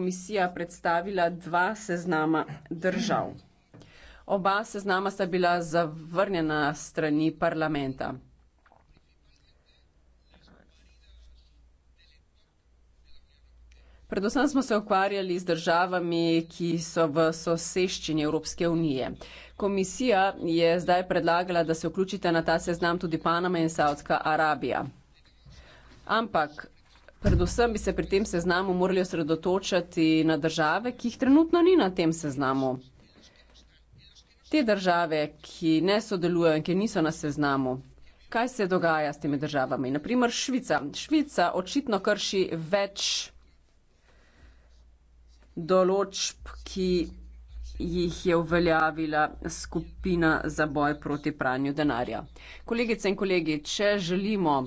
komisija predstavila dva seznama držav. Oba seznama sta bila zavrnjena strani parlamenta. Predvsem smo se ukvarjali z državami, ki so v soseščini Evropske unije. Komisija je zdaj predlagala, da se vključite na ta seznam tudi Panama in Saudska Arabija. Ampak Predvsem bi se pri tem seznamu morali osredotočati na države, ki jih trenutno ni na tem seznamu. Te države, ki ne sodelujejo in ki niso na seznamu. Kaj se dogaja s temi državami? Naprimer Švica. Švica očitno krši več določb, ki jih je uveljavila skupina za boj proti pranju denarja. Kolegice in kolegi, če želimo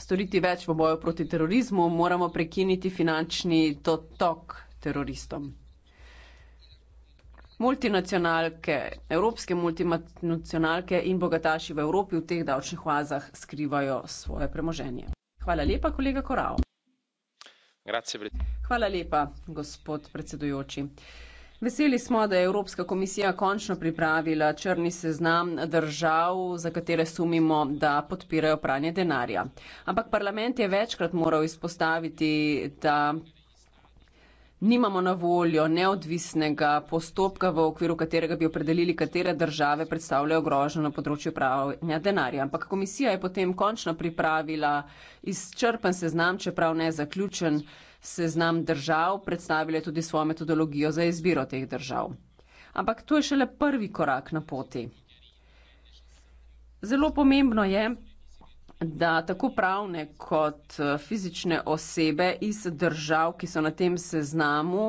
storiti več v boju proti terorizmu, moramo prekiniti finančni dotok teroristom. Multinacionalke, evropske multinacionalke in bogataši v Evropi v teh davčnih oazah skrivajo svoje premoženje. Hvala lepa, kolega Korao. Hvala lepa, gospod predsedujoči. Veseli smo, da je Evropska komisija končno pripravila črni seznam držav, za katere sumimo, da podpirajo pranje denarja. Ampak parlament je večkrat moral izpostaviti, da nimamo na voljo neodvisnega postopka, v okviru katerega bi opredelili, katere države predstavljajo grožnjo na področju pranja denarja. Ampak komisija je potem končno pripravila izčrpen seznam, čeprav ne zaključen seznam držav, predstavile tudi svojo metodologijo za izbiro teh držav. Ampak to je šele prvi korak na poti. Zelo pomembno je, da tako pravne kot eh, fizične osebe iz držav, ki so na tem seznamu,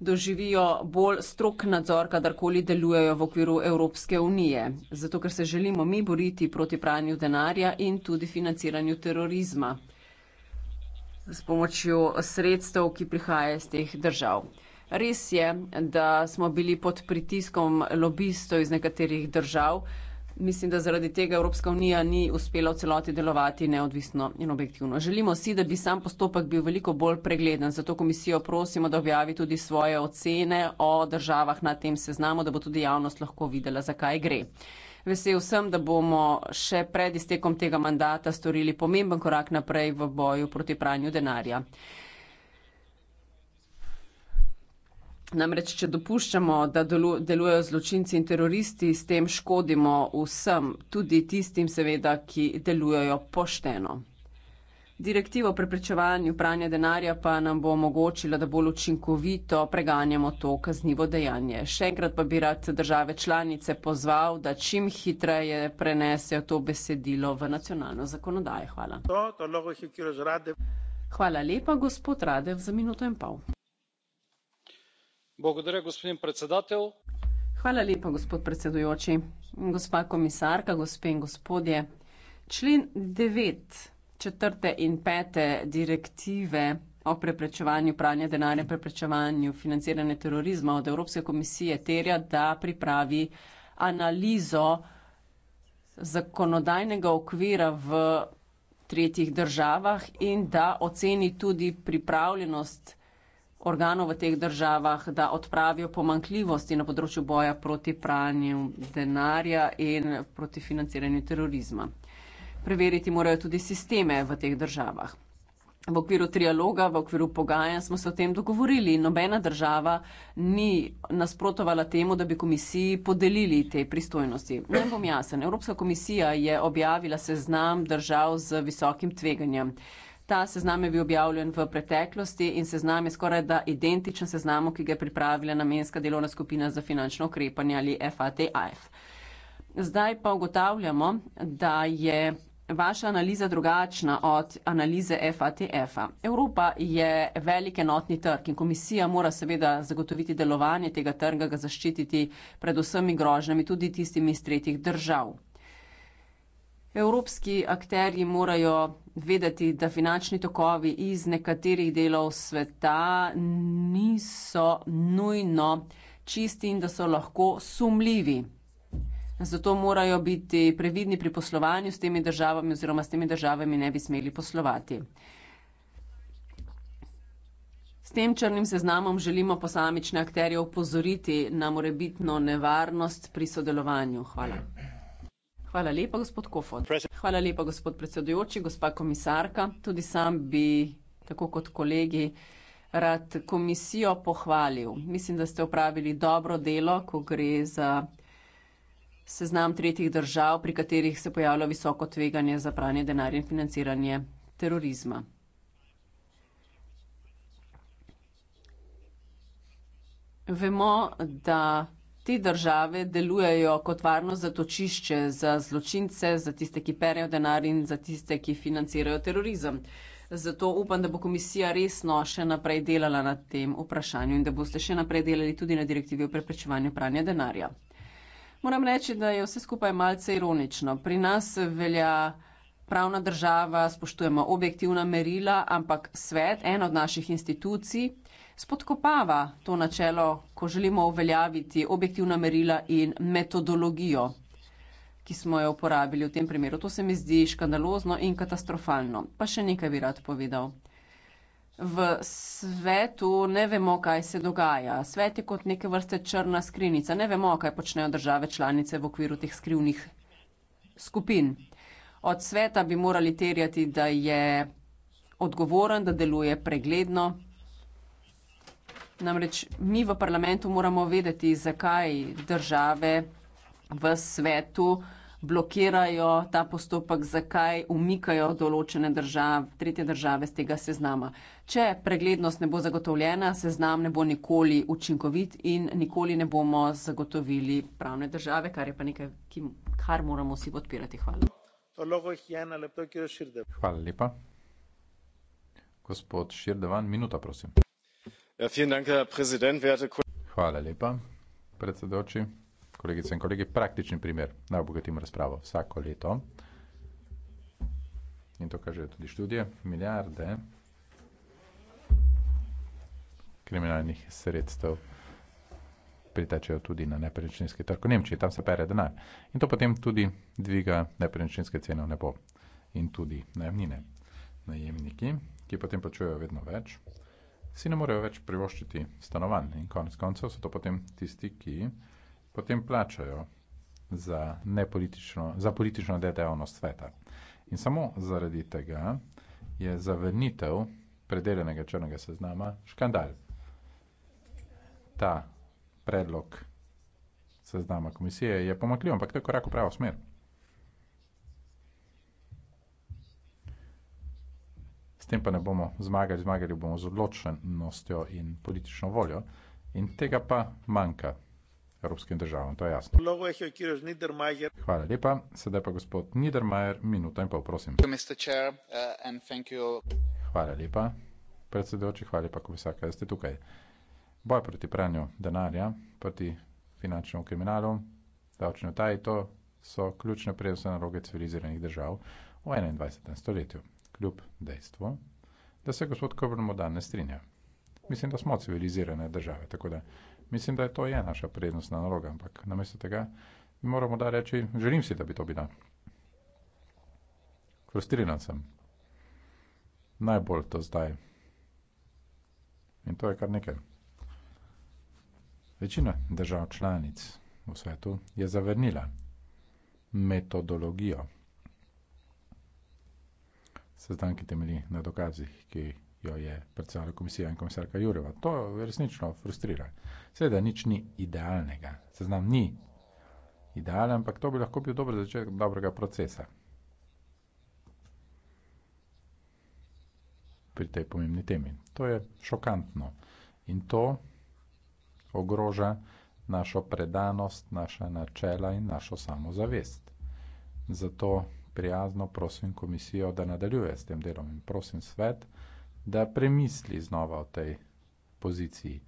doživijo bolj strok nadzor, kadarkoli delujejo v okviru Evropske unije. Zato, ker se želimo mi boriti proti pranju denarja in tudi financiranju terorizma s pomočjo sredstev, ki prihajajo iz teh držav. Res je, da smo bili pod pritiskom lobistov iz nekaterih držav. Mislim, da zaradi tega Evropska unija ni uspela v celoti delovati neodvisno in objektivno. Želimo si, da bi sam postopek bil veliko bolj pregleden. Zato komisijo prosimo, da objavi tudi svoje ocene o državah na tem seznamu, da bo tudi javnost lahko videla, zakaj gre. Vesel sem, da bomo še pred iztekom tega mandata storili pomemben korak naprej v boju proti pranju denarja. Namreč, če dopuščamo, da delujejo zločinci in teroristi, s tem škodimo vsem, tudi tistim, seveda, ki delujejo pošteno. Direktiva o preprečevanju pranja denarja pa nam bo omogočila, da bolj učinkovito preganjamo to kaznivo dejanje. Še enkrat pa bi rad države članice pozval, da čim hitreje prenesejo to besedilo v nacionalno zakonodajo. Hvala. Hvala lepa, gospod Radev, za minuto in pol. Bogodare, gospodin predsedatelj. Hvala lepa, gospod predsedujoči. Gospa komisarka, gospe in gospodje. Člen 9 četrte in pete direktive o preprečevanju pranja denarja, preprečevanju financiranja terorizma od Evropske komisije terja, da pripravi analizo zakonodajnega okvira v tretjih državah in da oceni tudi pripravljenost organov v teh državah, da odpravijo pomankljivosti na področju boja proti pranju denarja in proti financiranju terorizma. Preveriti morajo tudi sisteme v teh državah. V okviru trialoga, v okviru pogajanj smo se o tem dogovorili. Nobena država ni nasprotovala temu, da bi komisiji podelili te pristojnosti. Naj bom jasen. Evropska komisija je objavila seznam držav z visokim tveganjem. Ta seznam je bil objavljen v preteklosti in seznam je skoraj da identičen seznamu, ki ga je pripravila namenska delovna skupina za finančno ukrepanje ali FATF. Zdaj pa ugotavljamo, da je vaša analiza drugačna od analize FATF-a. Evropa je velik enotni trg in komisija mora seveda zagotoviti delovanje tega trga, ga zaščititi pred vsemi grožnjami, tudi tistimi iz tretjih držav. Evropski akterji morajo vedeti, da finančni tokovi iz nekaterih delov sveta niso nujno čisti in da so lahko sumljivi. Zato morajo biti previdni pri poslovanju s temi državami oziroma s temi državami ne bi smeli poslovati. S tem črnim seznamom želimo posamične akterje upozoriti na morebitno nevarnost pri sodelovanju. Hvala. Hvala lepa, gospod Kofod. Hvala lepa, gospod predsedujoči, gospa komisarka. Tudi sam bi, tako kot kolegi, rad komisijo pohvalil. Mislim, da ste upravili dobro delo, ko gre za seznam tretjih držav, pri katerih se pojavlja visoko tveganje za pranje denarja in financiranje terorizma. Vemo, da te države delujejo kot varno zatočišče za zločince, za tiste, ki perejo denar in za tiste, ki financirajo terorizem. Zato upam, da bo komisija resno še naprej delala na tem vprašanju in da boste še naprej delali tudi na direktivi o preprečevanju pranja denarja. Moram reči, da je vse skupaj malce ironično. Pri nas velja pravna država, spoštujemo objektivna merila, ampak svet, ena od naših institucij, spodkopava to načelo, ko želimo uveljaviti objektivna merila in metodologijo, ki smo jo uporabili v tem primeru. To se mi zdi škandalozno in katastrofalno. Pa še nekaj bi rad povedal v svetu ne vemo, kaj se dogaja. Svet je kot neke vrste črna skrinica. Ne vemo, kaj počnejo države članice v okviru teh skrivnih skupin. Od sveta bi morali terjati, da je odgovoren, da deluje pregledno. Namreč mi v parlamentu moramo vedeti, zakaj države v svetu blokirajo ta postopek, zakaj umikajo določene države, tretje države z tega seznama. Če preglednost ne bo zagotovljena, seznam ne bo nikoli učinkovit in nikoli ne bomo zagotovili pravne države, kar je pa nekaj, ki, kar moramo vsi podpirati. Hvala. Hvala lepa. Gospod Širdevan, minuta, prosim. Ja, Hvala lepa, predsedoči kolegice in kolegi, praktičen primer, najbogatim razpravo vsako leto. In to kažejo tudi študije, milijarde kriminalnih sredstev pritečejo tudi na nepremičninski trg v Nemčiji, tam se pere denar. In to potem tudi dviga nepremičninske cene v nebo in tudi najemnine. Najemniki, ki potem počujejo vedno več, si ne morejo več privoščiti stanovanj in konec koncev so to potem tisti, ki potem plačajo za, za politično dejavnost sveta. In samo zaradi tega je zavrnitev predeljenega črnega seznama škandal. Ta predlog seznama komisije je pomakljiv, ampak to je korak v pravo smer. S tem pa ne bomo zmagali, zmagali bomo z odločenostjo in politično voljo. In tega pa manjka evropskim državam. To je jasno. Hvala lepa. Sedaj pa gospod Niedermayer, minuta in pol, prosim. Uh, hvala lepa, predsedujoči, hvala lepa, komisarka, da ste tukaj. Boj proti pranju denarja, proti finančnemu kriminalu, davčni utaji, to so ključne prednostne naloge civiliziranih držav v 21. stoletju. Kljub dejstvu, da se gospod Kobrnmo dan ne strinja. Mislim, da smo civilizirane države, tako da Mislim, da je to je naša prednostna naloga, ampak namesto tega moramo da reči, želim si, da bi to bila. Frustriran sem. Najbolj to zdaj. In to je kar nekaj. Večina držav članic v svetu je zavrnila metodologijo. Sestanki temelji na dokazih, ki jo je predstavila komisija in komisarka Jureva. To resnično frustrira. Seveda, nič ni idealnega, seznam ni idealen, ampak to bi lahko bil dober začetek dobrega procesa. Pri tej pomembni temi. To je šokantno in to ogroža našo predanost, naša načela in našo samozavest. Zato prijazno prosim komisijo, da nadaljuje s tem delom in prosim svet, da premisli znova o tej poziciji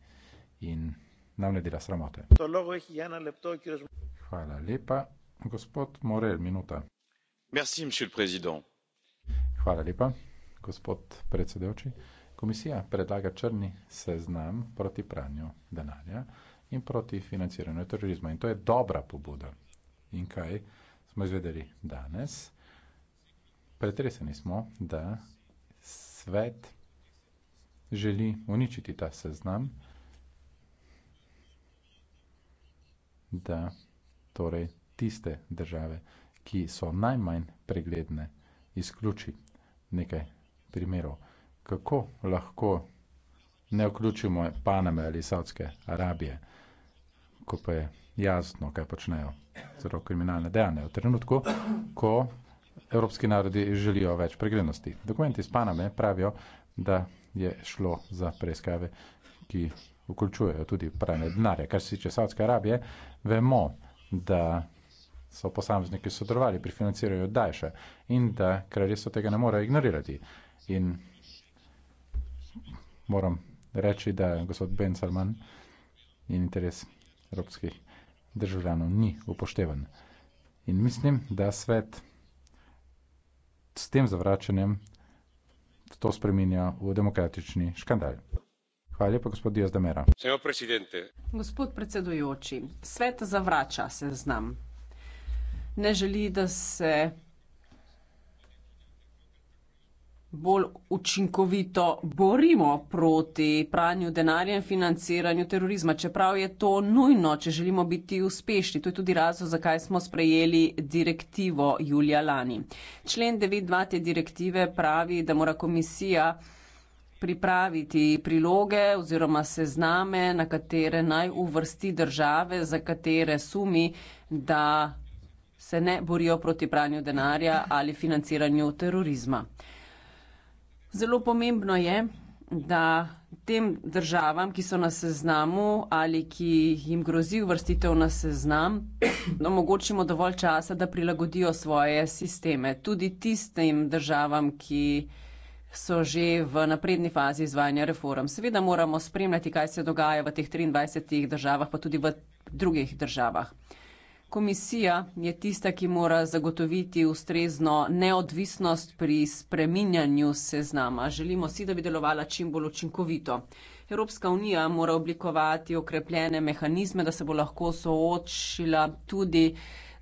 in nam ne dela sramote. Hvala lepa. Gospod Morel, minuta. Merci, Hvala lepa, gospod predsedevči. Komisija predlaga črni seznam proti pranju denarja in proti financiranju terorizma. In to je dobra pobuda. In kaj smo izvedeli danes? Pretreseni smo, da svet želi uničiti ta seznam. da torej tiste države, ki so najmanj pregledne, izključi nekaj primerov. Kako lahko ne vključimo Paname ali Saudske Arabije, ko pa je jasno, kaj počnejo zelo kriminalne dejanja v trenutku, ko evropski narodi želijo več preglednosti. Dokumenti iz Paname pravijo, da je šlo za preiskave, ki vključujejo tudi pranje denarja. Kar se tiče Saudske Arabije, vemo, da so posamezniki sodelovali pri financiranju Dajša in da kraljestvo tega ne more ignorirati. In moram reči, da gospod Ben Salman in interes evropskih državljanov ni upoštevan. In mislim, da svet s tem zavračanjem to spreminja v demokratični škandal. Gospod predsedujoči, svet zavrača seznam. Ne želi, da se bolj učinkovito borimo proti pranju denarja in financiranju terorizma, čeprav je to nujno, če želimo biti uspešni. To je tudi razlog, zakaj smo sprejeli direktivo julija lani. Člen devet dva te direktive pravi, da mora komisija pripraviti priloge oziroma sezname, na katere naj uvrsti države, za katere sumi, da se ne borijo proti pranju denarja ali financiranju terorizma. Zelo pomembno je, da tem državam, ki so na seznamu ali ki jim grozi uvrstitev na seznam, omogočimo dovolj časa, da prilagodijo svoje sisteme. Tudi tistim državam, ki so že v napredni fazi izvajanja reform. Seveda moramo spremljati, kaj se dogaja v teh 23 državah, pa tudi v drugih državah. Komisija je tista, ki mora zagotoviti ustrezno neodvisnost pri spreminjanju seznama. Želimo si, da bi delovala čim bolj učinkovito. Evropska unija mora oblikovati okrepljene mehanizme, da se bo lahko soočila tudi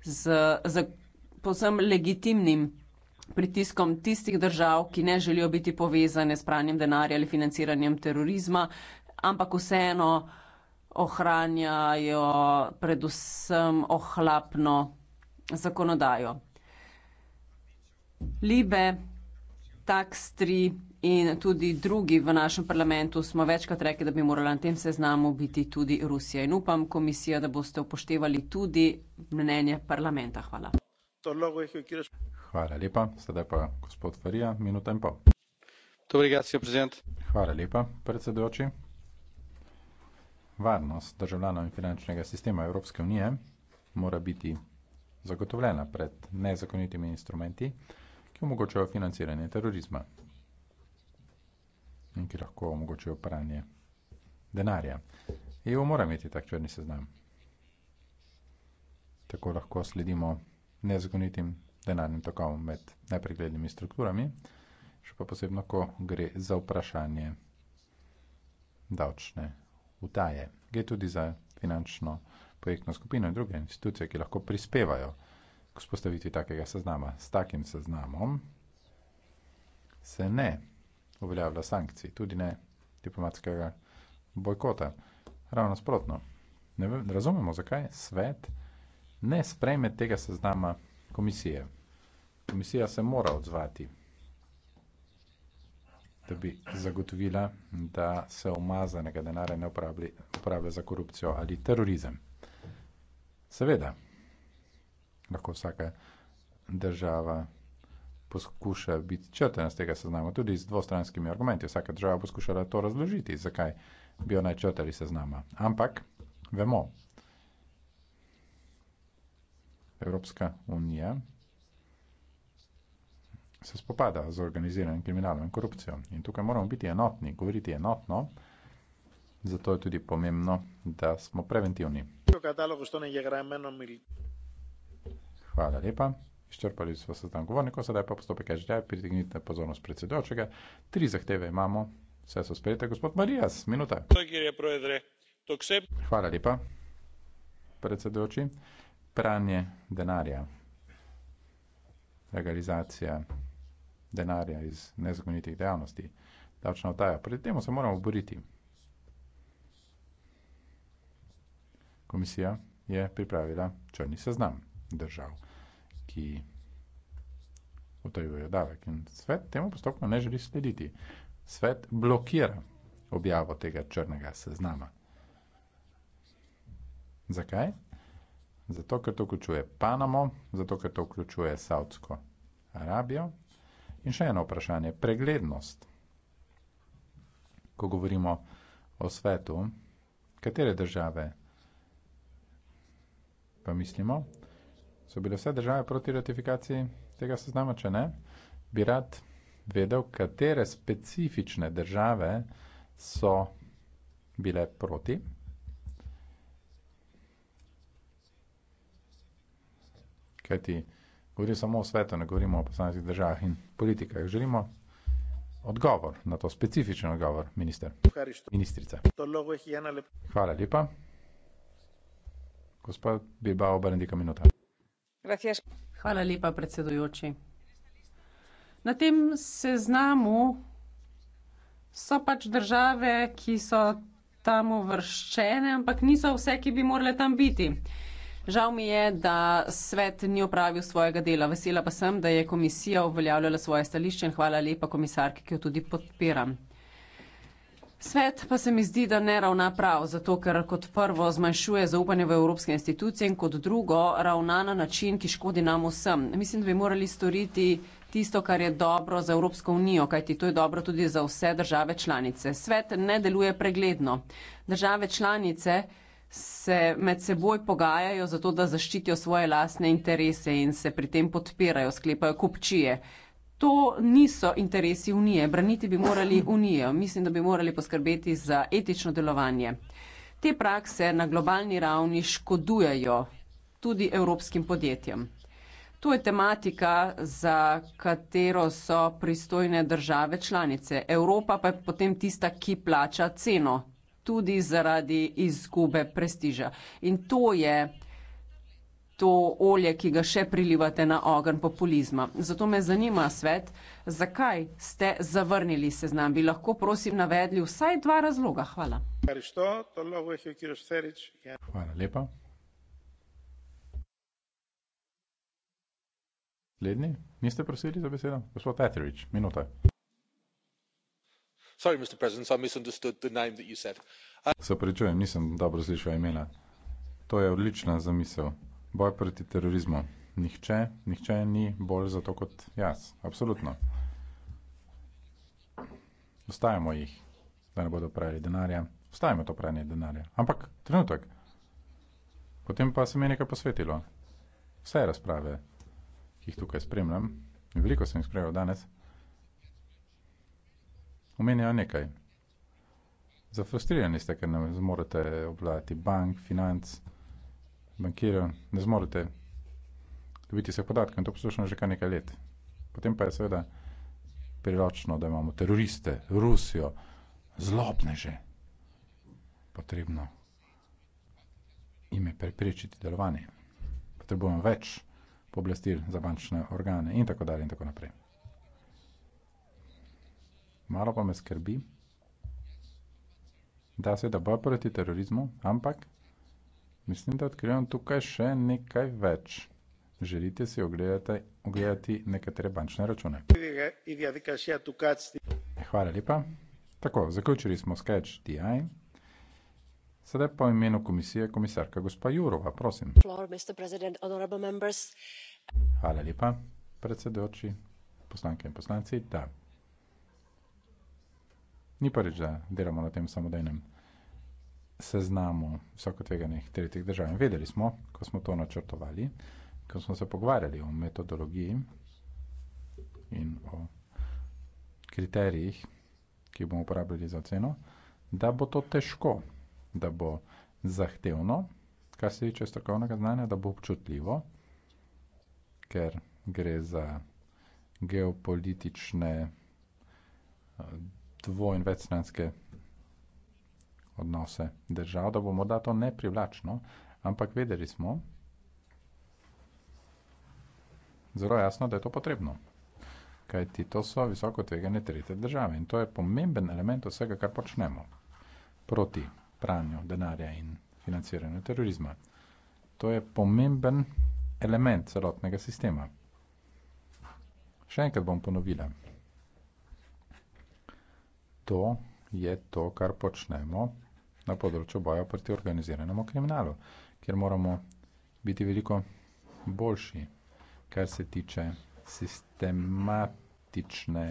z, z povsem legitimnim pritiskom tistih držav, ki ne želijo biti povezane s pranjem denarja ali financiranjem terorizma, ampak vseeno ohranjajo predvsem ohlapno zakonodajo. Libe, taks 3 in tudi drugi v našem parlamentu smo večkrat rekli, da bi morala na tem seznamu biti tudi Rusija. In upam, komisija, da boste upoštevali tudi mnenje parlamenta. Hvala. Hvala lepa. Sedaj pa gospod Farija, minuta in pol. Dobri, gracijo, prezident. Hvala lepa, predsedujoči. Varnost državljanov in finančnega sistema Evropske unije mora biti zagotovljena pred nezakonitimi instrumenti, ki omogočajo financiranje terorizma in ki lahko omogočajo pranje denarja. EU mora imeti tak črni seznam. Tako lahko sledimo nezakonitim denarnim tokovom med nepreglednimi strukturami, še pa posebno, ko gre za vprašanje davčne utaje. Gre tudi za finančno projektno skupino in druge institucije, ki lahko prispevajo k spostavitvi takega seznama. S takim seznamom se ne uveljavlja sankcij, tudi ne diplomatskega bojkota. Ravno sprotno. Ne razumemo, zakaj svet ne sprejme tega seznama komisije. Komisija se mora odzvati, da bi zagotovila, da se umazanega denarja ne uporablja za korupcijo ali terorizem. Seveda, lahko vsaka država poskuša biti črtena z tega seznama, tudi z dvostranskimi argumenti. Vsaka država poskušala to razložiti, zakaj bi jo naj črtali seznama. Ampak vemo, Evropska unija se spopada z organiziranim kriminalom in korupcijo. In tukaj moramo biti enotni, govoriti enotno. Zato je tudi pomembno, da smo preventivni. Hvala lepa. Izčrpali smo se tam govornikov, sedaj pa postopek je že, pritegnite pozornost predsedočega. Tri zahteve imamo, vse so sprejete. Gospod Marijas, minuta. Hvala lepa, predsedoči pranje denarja, legalizacija denarja iz nezakonitih dejavnosti, davčna otaja. Pred temu se moramo boriti. Komisija je pripravila črni seznam držav, ki utajujejo davek. In svet temu postopno ne želi slediti. Svet blokira objavo tega črnega seznama. Zakaj? zato ker to vključuje Panamo, zato ker to vključuje Saudsko Arabijo. In še eno vprašanje, preglednost. Ko govorimo o svetu, katere države pa mislimo? So bile vse države proti ratifikaciji tega seznama, če ne? Bi rad vedel, katere specifične države so bile proti. kajti govorimo samo o svetu, ne govorimo o posameznih državah in politikah. Želimo odgovor na to, specifičen odgovor, minister. Ministrica. Hvala lepa. Gospod Bilbao, Berendika, minuta. Hvala lepa, predsedujoči. Na tem seznamu so pač države, ki so tam uvrščene, ampak niso vse, ki bi morale tam biti. Žal mi je, da svet ni opravil svojega dela. Vesela pa sem, da je komisija uveljavljala svoje stališče in hvala lepa komisarki, ki jo tudi podpiram. Svet pa se mi zdi, da ne ravna prav, zato ker kot prvo zmanjšuje zaupanje v evropske institucije in kot drugo ravna na način, ki škodi nam vsem. Mislim, da bi morali storiti tisto, kar je dobro za Evropsko unijo, kajti to je dobro tudi za vse države članice. Svet ne deluje pregledno. Države članice se med seboj pogajajo za to, da zaščitijo svoje lastne interese in se pri tem podpirajo, sklepajo kupčije. To niso interesi unije. Braniti bi morali unijo. Mislim, da bi morali poskrbeti za etično delovanje. Te prakse na globalni ravni škodujejo tudi evropskim podjetjem. To je tematika, za katero so pristojne države članice. Evropa pa je potem tista, ki plača ceno tudi zaradi izgube prestiža. In to je to olje, ki ga še prilivate na ogen populizma. Zato me zanima svet, zakaj ste zavrnili seznam. Bi lahko prosim navedli vsaj dva razloga. Hvala. Hvala lepa. Slednji, niste prosili za besedo? Gospod Petrovič, minuta sorry mr president i misunderstood the name that you said. Uh, se opravičujem nisem dobro slišal imena to je odlična zamisel boj proti terorizmu nihče nihče ni bolj za to kot jaz absolutno ustavimo jih da ne bodo pravili denarja ustavimo to pranje denarja ampak trenutek potem pa se mi je nekaj posvetilo vse razprave ki jih tukaj spremljam in veliko sem jih spremljal danes omenjajo nekaj. Zafrustrirani ste, ker ne zmorete obvladati bank, financ, bankirja, ne zmorete dobiti vseh podatkov in to poslušamo že kar nekaj let. Potem pa je seveda priročno, da imamo teroriste, Rusijo, zlobneže. Potrebno jim je preprečiti delovanje. Potrebujemo več pooblastil za bančne organe in tako dalje in tako naprej malo pa me skrbi, da se da boj proti terorizmu, ampak mislim, da odkrivam tukaj še nekaj več. Želite si ogledati, ogledati nekatere bančne račune. Hvala lepa. Tako, zaključili smo sketch DI. Sedaj pa imenu komisije komisarka gospa Jurova, prosim. Hvala lepa, predsedujoči, poslanke in poslanci. Da, Ni pa reč, da delamo na tem samodejnem seznamu visokotveganih tretjih držav. In vedeli smo, ko smo to načrtovali, ko smo se pogovarjali o metodologiji in o kriterijih, ki bomo uporabljali za ceno, da bo to težko, da bo zahtevno, kar se tiče strokovnega znanja, da bo občutljivo, ker gre za geopolitične eh, dvo- in večstranske odnose držav, da bo morda to neprivlačno, ampak vedeli smo zelo jasno, da je to potrebno. Kaj ti to so visoko tvegane tretje države in to je pomemben element vsega, kar počnemo proti pranju denarja in financiranju terorizma. To je pomemben element celotnega sistema. Še enkrat bom ponovila to je to, kar počnemo na področju boja proti organiziranemu kriminalu, ker moramo biti veliko boljši, kar se tiče sistematične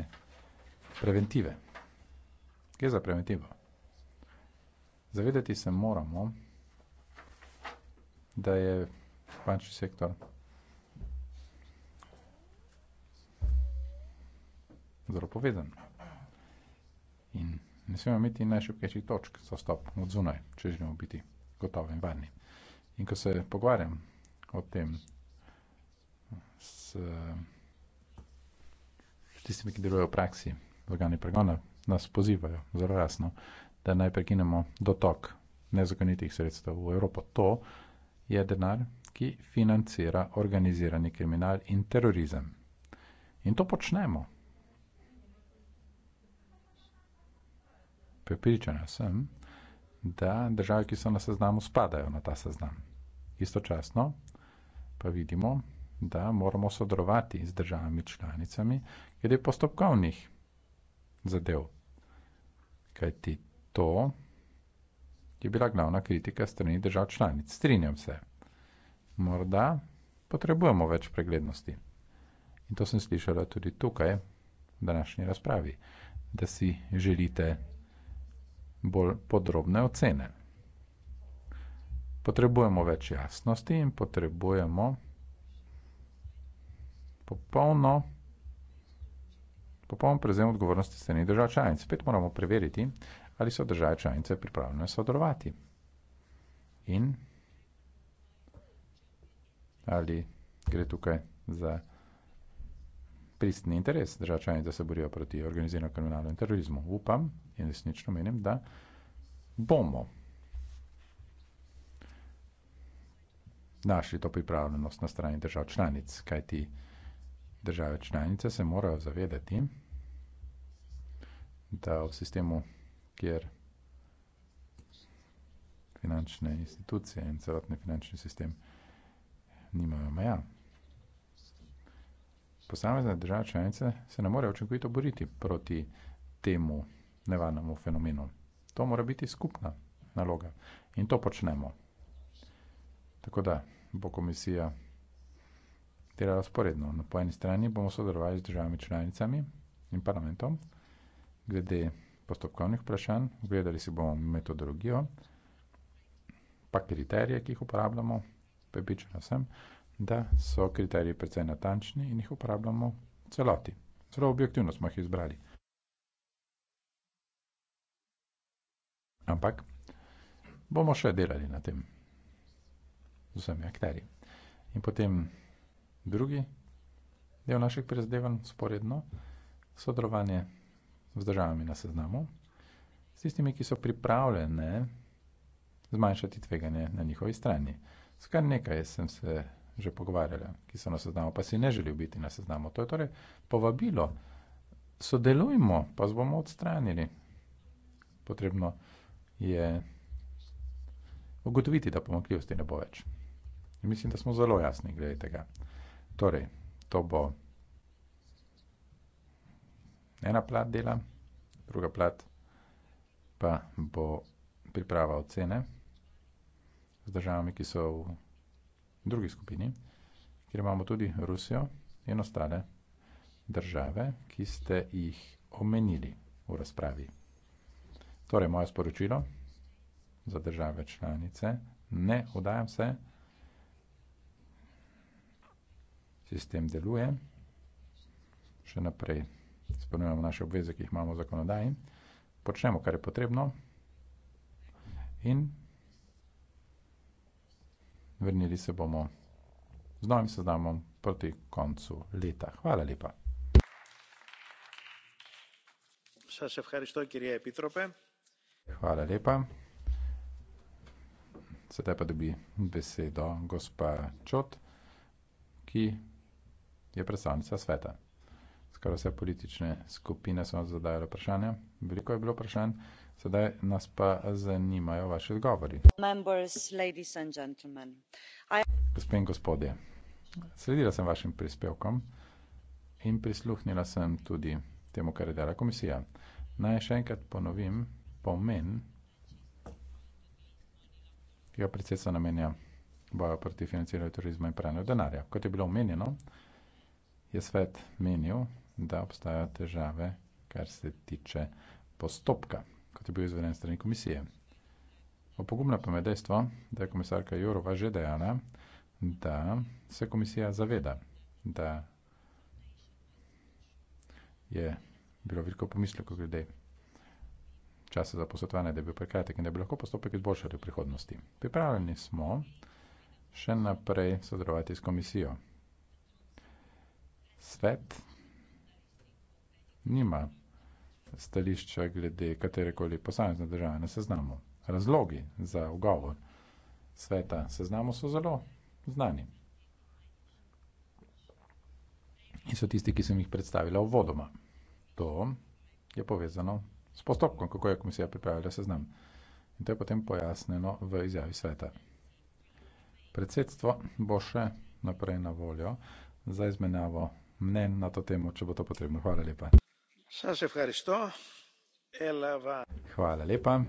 preventive. Kje za preventivo? Zavedati se moramo, da je bančni sektor zelo povezan. Ne smemo imeti najšipkejših točk za stop od zunaj, če želimo biti gotovi in varni. In ko se pogovarjam o tem s tistimi, ki delujejo v praksi, organi pregona, nas pozivajo zelo jasno, da naj prekinemo dotok nezakonitih sredstev v Evropo. To je denar, ki financira organizirani kriminal in terorizem. In to počnemo. prepričan sem, da države, ki so na seznamu, spadajo na ta seznam. Istočasno pa vidimo, da moramo sodelovati z državami članicami glede postopkovnih zadev. Kajti to je bila glavna kritika strani držav članic. Strinjam se. Morda potrebujemo več preglednosti. In to sem slišala tudi tukaj v današnji razpravi, da si želite bolj podrobne ocene. Potrebujemo več jasnosti in potrebujemo popolno, popolno prezem odgovornosti strani držav članic. Spet moramo preveriti, ali so države članice pripravljene sodelovati in ali gre tukaj za pristen interes držav članic, da se borijo proti organiziranemu kriminalu in terorizmu. Upam in resnično menim, da bomo našli to pripravljenost na strani držav članic, kajti države članice se morajo zavedati, da v sistemu, kjer finančne institucije in celotni finančni sistem nimajo meja posamezne države članice se ne morejo učinkovito boriti proti temu nevarnemu fenomenu. To mora biti skupna naloga in to počnemo. Tako da bo komisija delala sporedno. Na po eni strani bomo sodelovali z državami članicami in parlamentom glede postopkovnih vprašanj, gledali si bomo metodologijo, pa kriterije, ki jih uporabljamo, prepričana sem da so kriteriji precej natančni in jih uporabljamo v celoti. Zelo objektivno smo jih izbrali. Ampak bomo še delali na tem z vsemi akteri. In potem drugi del naših prizadevanj sporedno, sodelovanje z državami na seznamu, s tistimi, ki so pripravljene zmanjšati tveganje na njihovi strani. Skar nekaj sem se že pogovarjali, ki so na seznamu, pa si ne želijo biti na seznamu. To je torej povabilo, sodelujmo, pa se bomo odstranili. Potrebno je ugotoviti, da pomakljivosti ne bo več. In mislim, da smo zelo jasni glede tega. Torej, to bo ena plat dela, druga plat pa bo priprava ocene z državami, ki so v drugi skupini, kjer imamo tudi Rusijo in ostale države, ki ste jih omenili v razpravi. Torej, moje sporočilo za države članice, ne vdajam se, sistem deluje, še naprej izpolnjujemo naše obveze, ki jih imamo v zakonodaji, počnemo, kar je potrebno in vrnili se bomo z novim seznamom proti koncu leta. Hvala lepa. Hvala lepa. Sedaj pa dobi besedo gospa Čot, ki je predstavnica sveta. Skoraj vse politične skupine so zadajale vprašanja, veliko je bilo vprašanj sedaj nas pa zanimajo vaši odgovori. gospe in gospodje sledila sem vašim prispevkom in prisluhnila sem tudi temu kar je dala komisija naj še enkrat ponovim pomen ki ga predsedstvo namenja boju proti financiranju turizma in pranju denarja kot je bilo omenjeno je svet menil da obstajajo težave kar se tiče postopka kot je bil izveden strani komisije. Opogumna pa me dejstvo, da je komisarka Jurova že dejala, da se komisija zaveda, da je bilo veliko pomislekov glede časa za posvetovanje, da je bil prekratek in da bi lahko postopek izboljšali v prihodnosti. Pripravljeni smo še naprej sodelovati s komisijo. Svet nima stališča glede katerekoli posamezne države na seznamu. Razlogi za ogovor sveta seznamu so zelo znani. In so tisti, ki sem jih predstavila v vodoma. To je povezano s postopkom, kako je komisija pripravila seznam. In to je potem pojasneno v izjavi sveta. Predsedstvo bo še naprej na voljo za izmenjavo mnen na to temo, če bo to potrebno. Hvala lepa. Hvala lepa.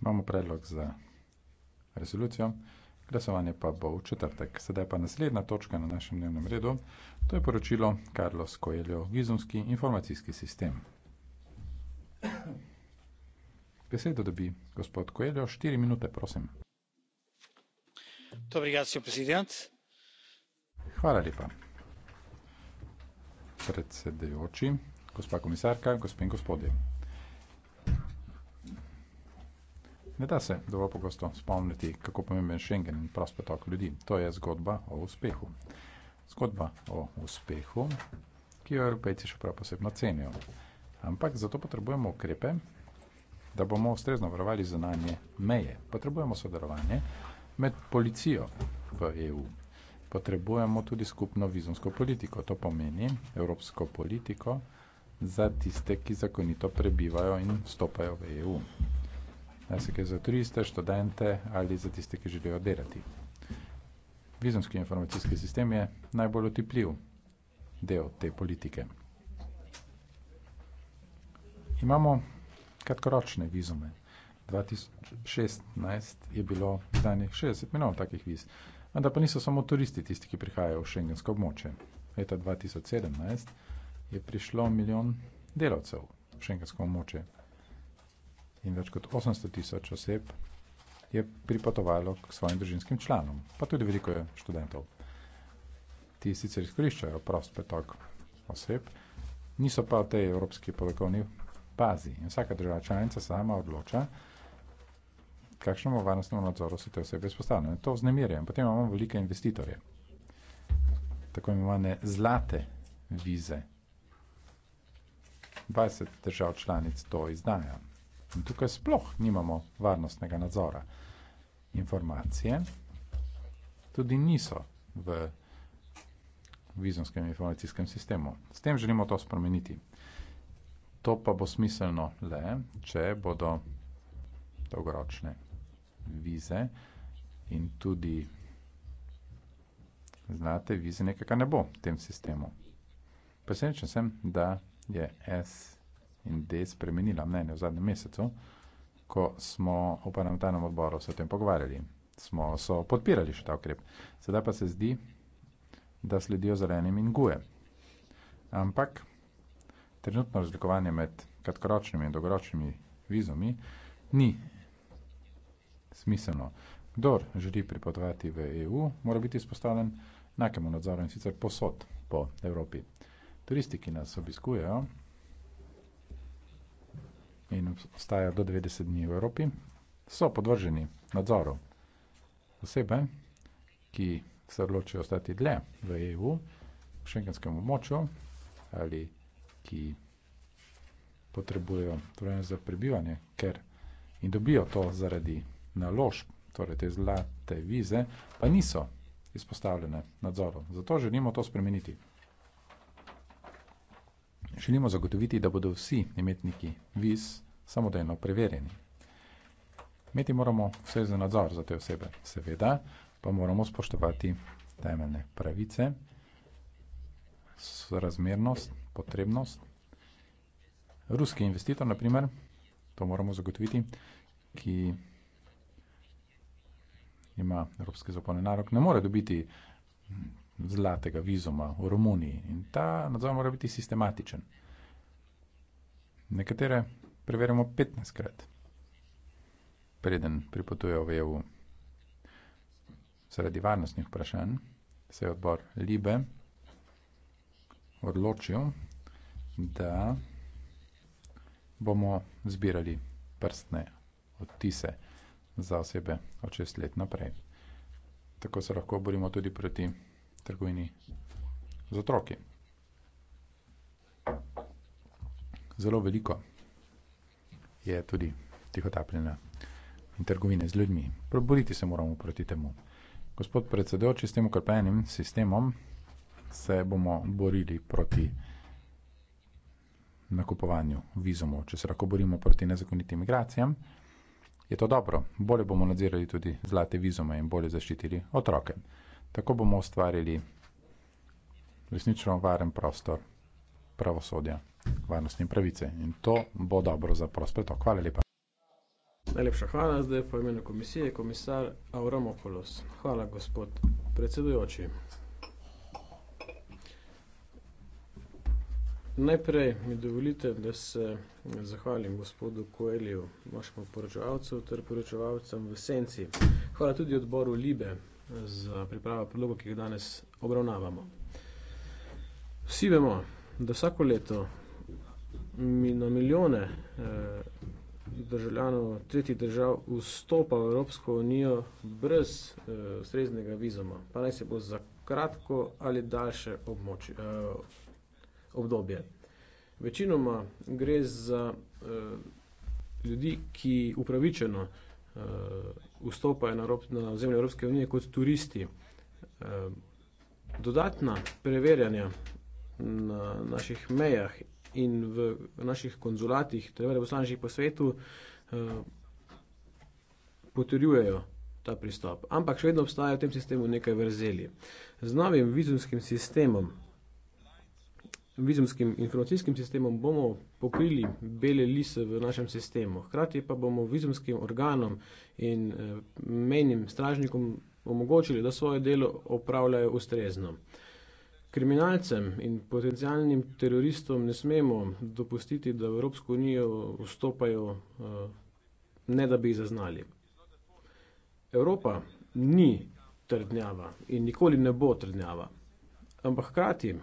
Imamo predlog za resolucijo. Glasovanje pa bo v četrtek. Sedaj pa naslednja točka na našem dnevnem redu. To je poročilo Carlos Coelho, vizumski informacijski sistem. Besedo dobi gospod Coelho, štiri minute, prosim. Dobri, gracio, Hvala lepa predsedujoči, gospa komisarka, gospe in gospodje. Ne da se dovolj pogosto spomniti, kako pomemben Schengen in prost potok ljudi. To je zgodba o uspehu. Zgodba o uspehu, ki jo evropejci še prav posebno cenijo. Ampak zato potrebujemo ukrepe, da bomo ustrezno varovali zunanje meje. Potrebujemo sodelovanje med policijo v EU potrebujemo tudi skupno vizumsko politiko, to pomeni evropsko politiko za tiste, ki zakonito prebivajo in vstopajo v EU. Naj se kaj za turiste, študente ali za tiste, ki želijo delati. Vizumski informacijski sistem je najbolj otipljiv del te politike. Imamo kratkoročne vizume. 2016 je bilo izdanih 60 milijonov takih vizumov. Vendar pa niso samo turisti tisti, ki prihajajo v šengensko območje. Leta 2017 je prišlo milijon delavcev v šengensko območje in več kot 800 tisoč oseb je pripotovalo k svojim družinskim članom, pa tudi veliko je študentov. Ti sicer izkoriščajo prost pretok oseb, niso pa v tej evropski podatkovni bazi in vsaka država članica sama odloča, kakšnemu varnostnemu nadzoru so te osebe izpostavljene. To vznemirja. Potem imamo velike investitorje, tako imenovane zlate vize. 20 držav članic to izdaja. In tukaj sploh nimamo varnostnega nadzora. Informacije tudi niso v vizonskem informacijskem sistemu. S tem želimo to spremeniti. To pa bo smiselno le, če bodo dolgoročne vize in tudi znate, vize nekega ne bo v tem sistemu. Presenečen sem, da je S in D spremenila mnenje v zadnjem mesecu, ko smo v parlamentarnem odboru se o tem pogovarjali. Smo so podpirali še ta ukrep. Sedaj pa se zdi, da sledijo zelenim in guje. Ampak trenutno razlikovanje med kratkoročnimi in dolgoročnimi vizumi ni smiselno. Kdor želi pripotovati v EU, mora biti izpostavljen enakemu nadzoru in sicer posod po Evropi. Turisti, ki nas obiskujejo in ostajajo do 90 dni v Evropi, so podvrženi nadzoru. Osebe, ki se odločijo ostati dlje v EU, v šengenskem območju ali ki potrebujejo za prebivanje, ker in dobijo to zaradi naložb, torej te zlate vize, pa niso izpostavljene nadzorom. Zato želimo to spremeniti. Želimo zagotoviti, da bodo vsi imetniki viz samodejno preverjeni. Imeti moramo vse za nadzor za te osebe, seveda, pa moramo spoštovati temeljne pravice, razmernost, potrebnost. Ruski investitor, naprimer, to moramo zagotoviti, ki ima Evropski zaporni narok, ne more dobiti mm, zlatega vizuma v Romuniji. In ta nadzor mora biti sistematičen. Nekatere preverjamo 15krat, preden pripotujejo v EU. Zaradi varnostnih vprašanj se je odbor Libe odločil, da bomo zbirali prstne odtise za osebe od 6 let naprej. Tako se lahko borimo tudi proti trgovini z otroki. Zelo veliko je tudi tihotapljenja in trgovine z ljudmi. Boriti se moramo proti temu. Gospod predsedujoči, s tem ukrepenim sistemom se bomo borili proti nakupovanju vizumov, če se lahko borimo proti nezakonitim migracijam je to dobro. Bolje bomo nadzirali tudi zlate vizume in bolje zaščitili otroke. Tako bomo ustvarili resnično varen prostor pravosodja, varnostne in pravice. In to bo dobro za prost pretok. Hvala lepa. Najlepša hvala zdaj po imenu komisije, komisar Auramopoulos. Hvala, gospod predsedujoči. Najprej mi dovolite, da se zahvalim gospodu Koelju, vašemu poročevalcu ter poročevalcem v Senci. Hvala tudi odboru Libe za pripravo predloga, ki ga danes obravnavamo. Vsi vemo, da vsako leto mi na milijone eh, državljanov tretjih držav vstopa v Evropsko unijo brez eh, sreznega vizoma, pa naj se bo za kratko ali daljše območje. Eh, obdobje. Večinoma gre za uh, ljudi, ki upravičeno uh, vstopajo na, na ozemlje Evropske unije kot turisti. Uh, dodatna preverjanja na naših mejah in v naših konzulatih, torej v poslanjših po svetu, uh, potrjujejo ta pristop. Ampak še vedno obstaja v tem sistemu nekaj vrzeli. Z novim vizumskim sistemom vizumskim informacijskim sistemom bomo pokrili bele lise v našem sistemu. Hkrati pa bomo vizumskim organom in eh, menim stražnikom omogočili, da svoje delo opravljajo ustrezno. Kriminalcem in potencialnim teroristom ne smemo dopustiti, da v Evropsko unijo vstopajo, eh, ne da bi jih zaznali. Evropa ni trdnjava in nikoli ne bo trdnjava. Ampak hkrati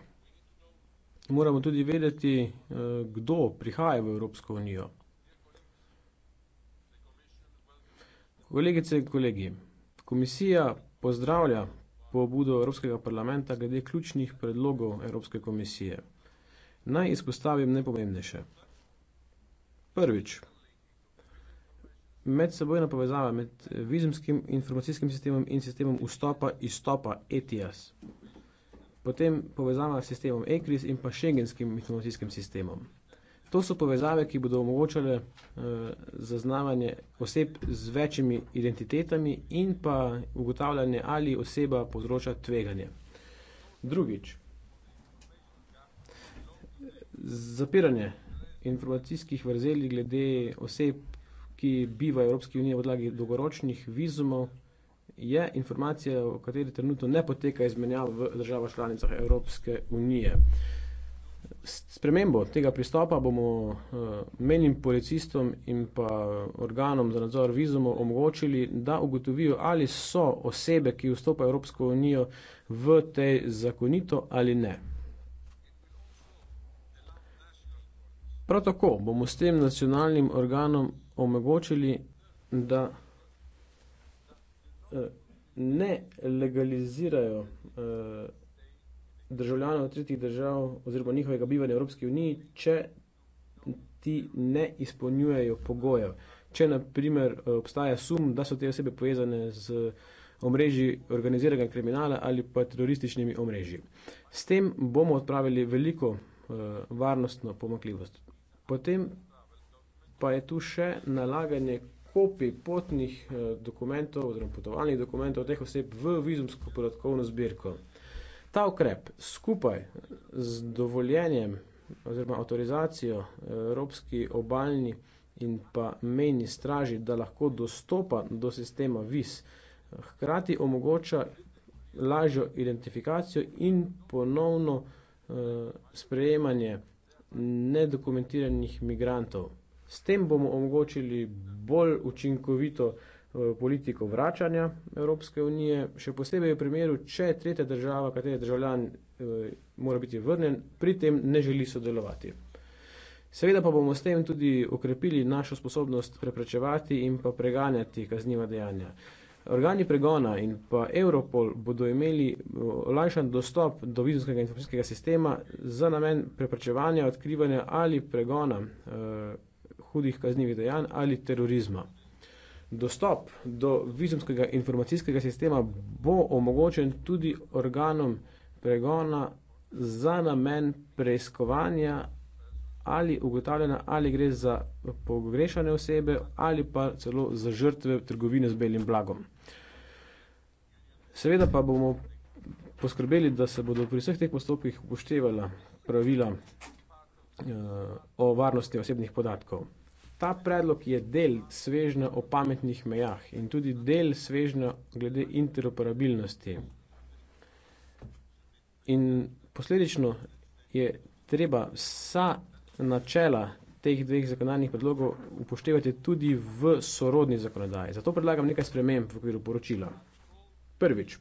moramo tudi vedeti, eh, kdo prihaja v Evropsko unijo. Kolegice in kolegi, komisija pozdravlja pobudo Evropskega parlamenta glede ključnih predlogov Evropske komisije. Naj izpostavim najpomembnejše. Prvič, medsebojna povezava med vizumskim informacijskim sistemom in sistemom vstopa in izstopa ETIAS potem povezava s sistemom ECRIS in pa šengenskim informacijskim sistemom. To so povezave, ki bodo omogočale uh, zaznavanje oseb z večjimi identitetami in pa ugotavljanje, ali oseba povzroča tveganje. Drugič, zapiranje informacijskih vrzeli glede oseb, ki bivajo v Evropski uniji v odlagi dolgoročnih vizumov, je informacija, o kateri trenutno ne poteka izmenjava v državah članicah Evropske unije. Spremembo tega pristopa bomo uh, menim policistom in pa organom za nadzor vizumov omogočili, da ugotovijo, ali so osebe, ki vstopajo Evropsko unijo, v tej zakonito ali ne. Prav tako bomo s tem nacionalnim organom omogočili, da. Eh, ne legalizirajo eh, državljanov tretjih držav oziroma njihovega bivanja v Evropski uniji, če ti ne izpolnjujejo pogojev. Če na primer eh, obstaja sum, da so te osebe povezane z omrežji organiziranega kriminala ali pa terorističnimi omrežji. S tem bomo odpravili veliko varnostno pomakljivost. Potem pa je tu še nalaganje kopij potnih eh, dokumentov oziroma potovalnih dokumentov teh oseb v vizumsko podatkovno zbirko. Ta ukrep skupaj z dovoljenjem oziroma avtorizacijo eh, Evropski obaljni in pa mejni straži, da lahko dostopa do sistema viz, eh, hkrati omogoča lažjo identifikacijo in ponovno sprejemanje nedokumentiranih migrantov. S tem bomo omogočili bolj učinkovito eh, politiko vračanja Evropske unije, še posebej v primeru, če tretja država, katere državljan eh, mora biti vrnen, pri tem ne želi sodelovati. Seveda pa bomo s tem tudi okrepili našo sposobnost preprečevati in pa preganjati kazniva dejanja. Organi pregona in pa Europol bodo imeli eh, olajšan dostop do vizumskega informacijskega sistema za namen preprečevanja, odkrivanja ali pregona eh, hudih kaznjivih dejanj ali terorizma. Dostop do vizumskega informacijskega sistema bo omogočen tudi organom pregona za namen preiskovanja ali ugotavljanja, ali gre za pogrešane osebe ali pa celo za žrtve trgovine z belim blagom. Seveda pa bomo poskrbeli, da se bodo pri vseh teh postopkih upoštevala pravila eh, o varnosti osebnih podatkov. Ta predlog je del svežna o pametnih mejah in tudi del svežna glede interoperabilnosti. In posledično je treba vsa načela teh dveh zakonodajnih predlogov upoštevati tudi v sorodni zakonodaji. Zato predlagam nekaj sprememb v okviru poročila. Prvič,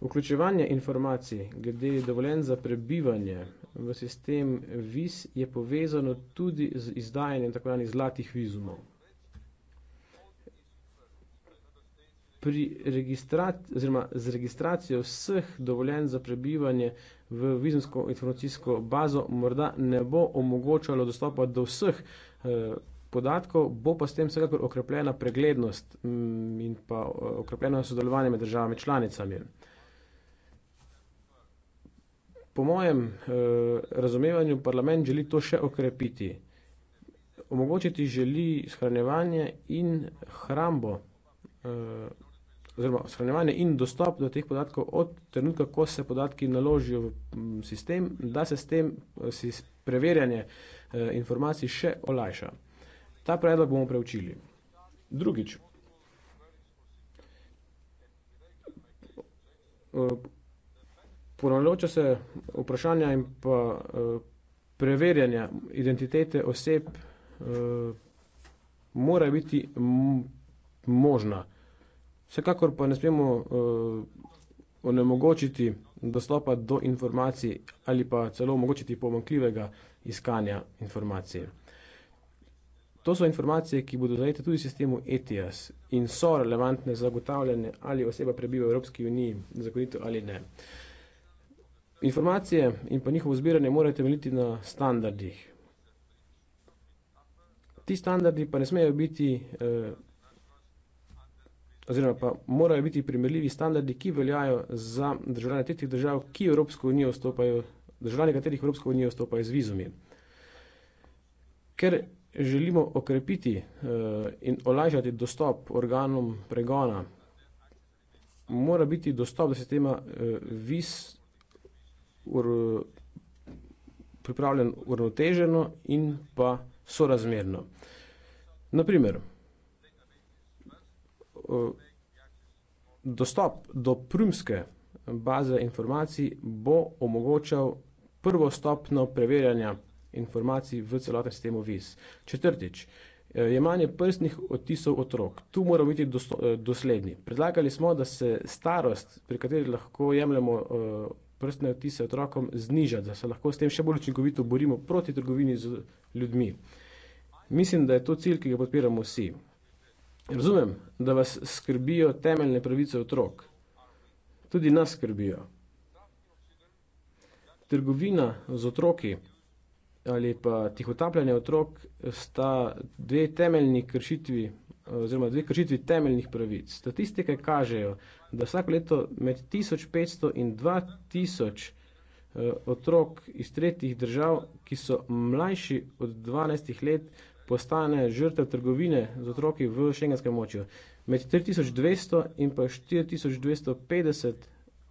Vključevanje informacij glede dovoljen za prebivanje v sistem viz je povezano tudi z izdajanjem tako zlatih vizumov. Pri registrat, z registracijo vseh dovoljen za prebivanje v vizumsko informacijsko bazo morda ne bo omogočalo dostopa do vseh eh, podatkov, bo pa s tem vsekakor okrepljena preglednost mm, in pa eh, okrepljeno sodelovanje med državami članicami po mojem eh, razumevanju parlament želi to še okrepiti. Omogočiti želi shranjevanje in hrambo, eh, oziroma shranjevanje in dostop do teh podatkov od trenutka, ko se podatki naložijo v mm, sistem, da se s tem eh, si preverjanje eh, informacij še olajša. Ta predlog bomo preučili. Drugič. Eh, ponavljajoče se vprašanja in pa eh, preverjanja identitete oseb eh, mora biti možna. Vsekakor pa ne smemo eh, onemogočiti dostopa do informacij ali pa celo omogočiti pomankljivega iskanja informacije. To so informacije, ki bodo zajete tudi sistemu ETIAS in so relevantne za ugotavljanje ali oseba prebiva v Evropski uniji, zakonito ali ne. Uh, Informacije in pa njihovo zbiranje morajo temeljiti na standardih. Ti standardi pa ne smejo biti, eh, oziroma pa morajo biti primerljivi standardi, ki veljajo za državljane tretjih držav, ki v Evropsko unijo vstopajo, državljane katerih v Evropsko unijo vstopajo z vizumi. Ker želimo okrepiti eh, in olajšati dostop organom pregona, mora biti dostop do sistema eh, viz pripravljen uravnoteženo in pa sorazmerno. Naprimer, dostop do prumske baze informacij bo omogočal prvo stopno preverjanja informacij v celotnem sistemu VIS. Četrtič, e, jemanje prstnih odtisov otrok. Tu moramo biti e, dosledni. Predlagali smo, da se starost, pri kateri lahko jemljemo e, prstne odtise otrokom znižati, da se lahko s tem še bolj učinkovito borimo proti trgovini z ljudmi. Mislim, da je to cilj, ki ga podpiramo vsi. Razumem, da vas skrbijo temeljne pravice otrok. Tudi nas skrbijo. Trgovina z otroki ali pa tihotapljanje otrok sta dve temeljni kršitvi oziroma dve kršitvi temeljnih pravic. Statistike kažejo, da vsako leto med 1500 in 2000 eh, otrok iz tretjih držav, ki so mlajši od 12 let, postane žrtev trgovine z otroki v šengenskem močju. Med 3200 in pa 4250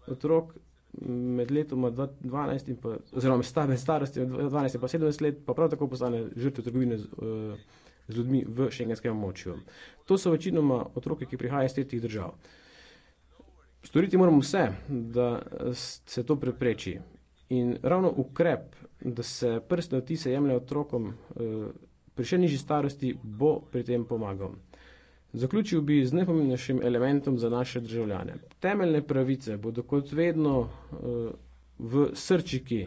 otrok mm, med letoma 12 in pa, oziroma med starosti med 12 in pa 17 let, pa prav tako postane žrtev trgovine z uh, z ljudmi v šengenskem območju. To so večinoma otroke, ki prihajajo iz tretjih držav. Storiti moramo vse, da se to prepreči. In ravno ukrep, da se prstne otise jemlje otrokom eh, pri še nižji starosti, bo pri tem pomagal. Zaključil bi z najpomembnejšim elementom za naše državljane. Temeljne pravice bodo kot vedno eh, v srčiki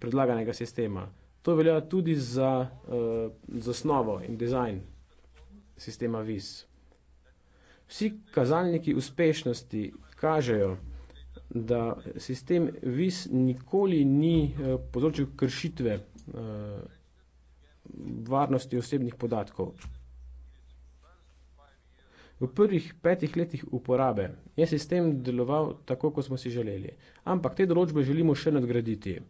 predlaganega sistema. To velja tudi za uh, zasnovo in dizajn sistema VIS. Vsi kazalniki uspešnosti kažejo, da sistem VIS nikoli ni uh, povzročil kršitve uh, varnosti osebnih podatkov. V prvih petih letih uporabe je sistem deloval tako, kot smo si želeli, ampak te določbe želimo še nadgraditi.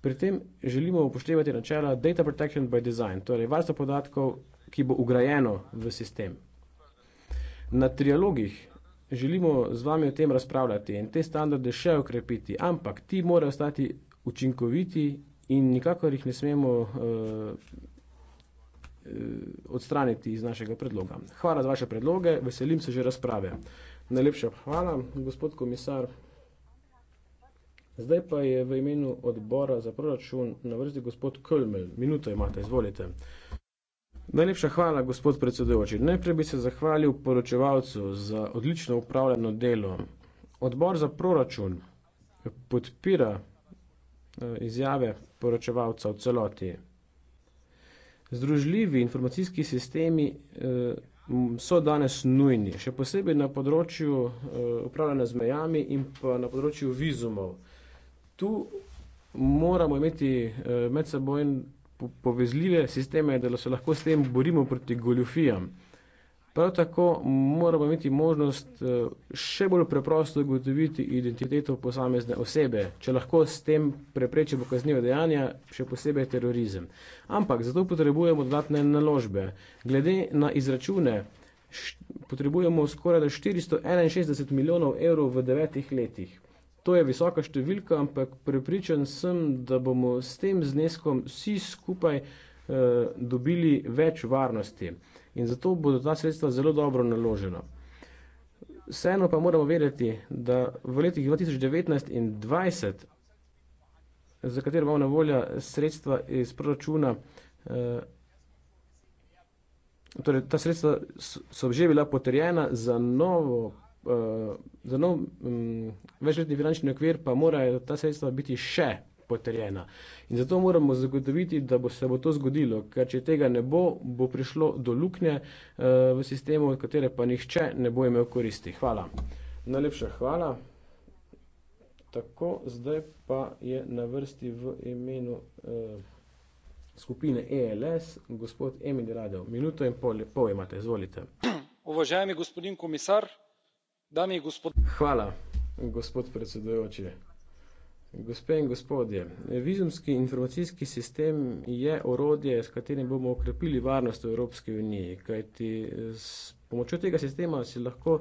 Pri tem želimo upoštevati načela Data Protection by Design, torej varstvo podatkov, ki bo ugrajeno v sistem. Na trialogih želimo z vami o tem razpravljati in te standarde še okrepiti, ampak ti morajo ostati učinkoviti in nikakor jih ne smemo uh, odstraniti iz našega predloga. Hvala za vaše predloge, veselim se že razprave. Najlepša hvala, gospod komisar. Zdaj pa je v imenu odbora za proračun na vrsti gospod Kölmel. Minuto imate, izvolite. Najlepša hvala, gospod predsedujoči. Najprej bi se zahvalil poročevalcu za odlično upravljeno delo. Odbor za proračun podpira eh, izjave poročevalca v celoti. Združljivi informacijski sistemi eh, so danes nujni, še posebej na področju eh, upravljanja z mejami in pa na področju vizumov tu moramo imeti eh, med seboj povezljive sisteme, da se lahko s tem borimo proti goljufijam. Prav tako moramo imeti možnost eh, še bolj preprosto ugotoviti identiteto posamezne osebe, če lahko s tem preprečimo kaznive dejanja, še posebej terorizem. Ampak zato potrebujemo dodatne naložbe. Glede na izračune, potrebujemo skoraj 461 milijonov evrov v devetih letih. To je visoka številka, ampak prepričan sem, da bomo s tem zneskom vsi skupaj eh, dobili več varnosti in zato bodo ta sredstva zelo dobro naložena. Vseeno pa moramo vedeti, da v letih 2019 in 2020, za katero imamo na voljo sredstva iz proračuna, eh, torej ta sredstva so, so že bila potrjena za novo Eh, zelo mm, večletni finančni okvir, pa morajo ta sredstva biti še potrjena. In zato moramo zagotoviti, da bo se bo to zgodilo, ker če tega ne bo, bo prišlo do luknje eh, v sistemu, od katere pa nihče ne bo imel koristi. Hvala. Najlepša hvala. Tako, zdaj pa je na vrsti v imenu eh, skupine ELS gospod Emil Radev. Minuto in pol, pol imate, izvolite. Uvaženi gospodin komisar, Hvala, gospod predsedujoči. Gospe in gospodje, vizumski informacijski sistem je orodje, s katerim bomo okrepili varnost v Evropski uniji, kajti s pomočjo tega sistema si lahko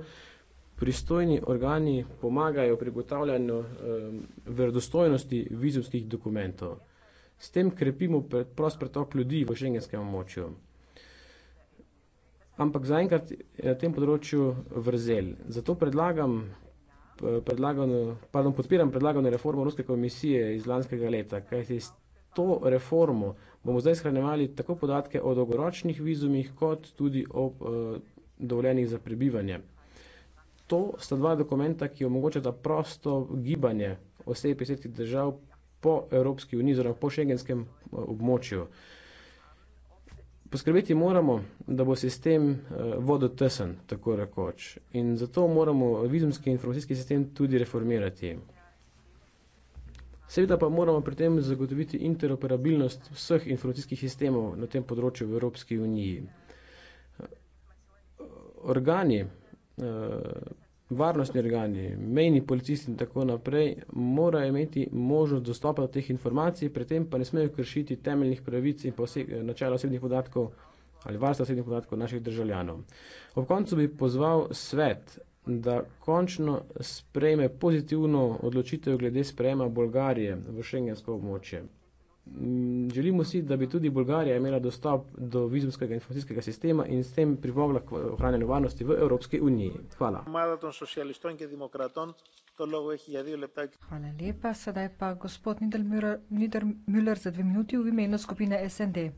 pristojni organi pomagajo pri ugotavljanju, ehm, verodostojnosti vizumskih dokumentov. S tem krepimo prost pretok ljudi v schengenskem območju ampak zaenkrat na tem področju vrzel. Zato predlagam, eh, pardon, podpiram predlagano reformo Ruske komisije iz lanskega leta, kajti s to reformo bomo zdaj shranjevali tako podatke o dolgoročnih vizumih, kot tudi o eh, dovoljenih za prebivanje. To sta dva dokumenta, ki omogočata prosto gibanje oseb iz tretjih držav po Evropski uniji oziroma po šengenskem eh, območju. Uh, Poskrbeti moramo, da bo sistem eh, vodotesen, tako rekoč. In zato moramo vizumski informacijski sistem tudi reformirati. Seveda pa moramo pri tem zagotoviti interoperabilnost vseh informacijskih sistemov na tem področju v Evropski uniji. Organi eh, varnostni organi, mejni policisti in tako naprej morajo imeti možnost dostopa do teh informacij, predtem pa ne smejo kršiti temeljnih pravic in načela osebnih podatkov ali varstva osebnih podatkov naših državljanov. Ob koncu bi pozval svet, da končno sprejme pozitivno odločitev glede sprejema Bolgarije v šengensko območje. Mm, želimo si, da bi tudi Bolgarija imela dostop do vizumskega informacijskega sistema in s tem pripomogla k ohranjanju varnosti v Evropski uniji. Hvala. Hvala lepa. Sedaj pa gospod Nidermüller za dve minuti v imenu skupine SND.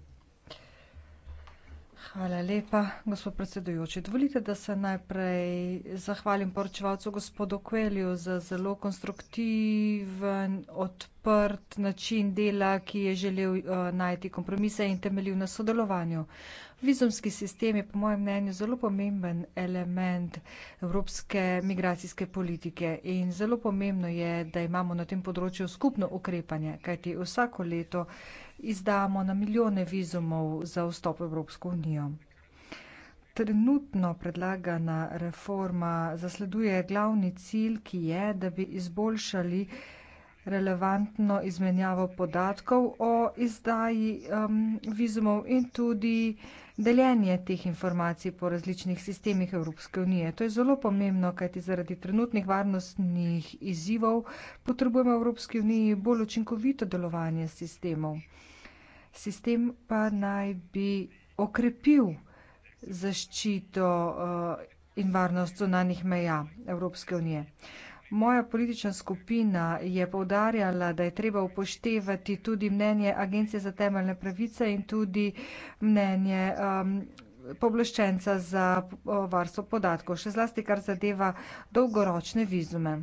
Hvala lepa, gospod predsedujoči. Dovolite, da se najprej zahvalim poročevalcu gospodu Kvelju za zelo konstruktiven, odprt način dela, ki je želel uh, najti kompromise in temeljil na sodelovanju. Uh, Vizumski sistem je po mojem mnenju zelo pomemben element evropske migracijske politike in zelo pomembno je, da imamo na tem področju skupno ukrepanje, kajti vsako leto izdamo na milijone vizumov za vstop v Evropsko unijo. Trenutno predlagana reforma zasleduje glavni cilj, ki je, da bi izboljšali relevantno izmenjavo podatkov o izdaji um, vizumov in tudi deljenje teh informacij po različnih sistemih Evropske unije. To je zelo pomembno, kajti zaradi trenutnih varnostnih izzivov potrebujemo Evropske unije bolj učinkovito delovanje sistemov. Sistem pa naj bi okrepil zaščito uh, in varnost zunanih meja Evropske unije. Uh, Moja politična skupina je povdarjala, da je treba upoštevati tudi mnenje Agencije za temeljne pravice in tudi mnenje um, poblščenca za uh, varstvo podatkov, še zlasti kar zadeva dolgoročne vizume.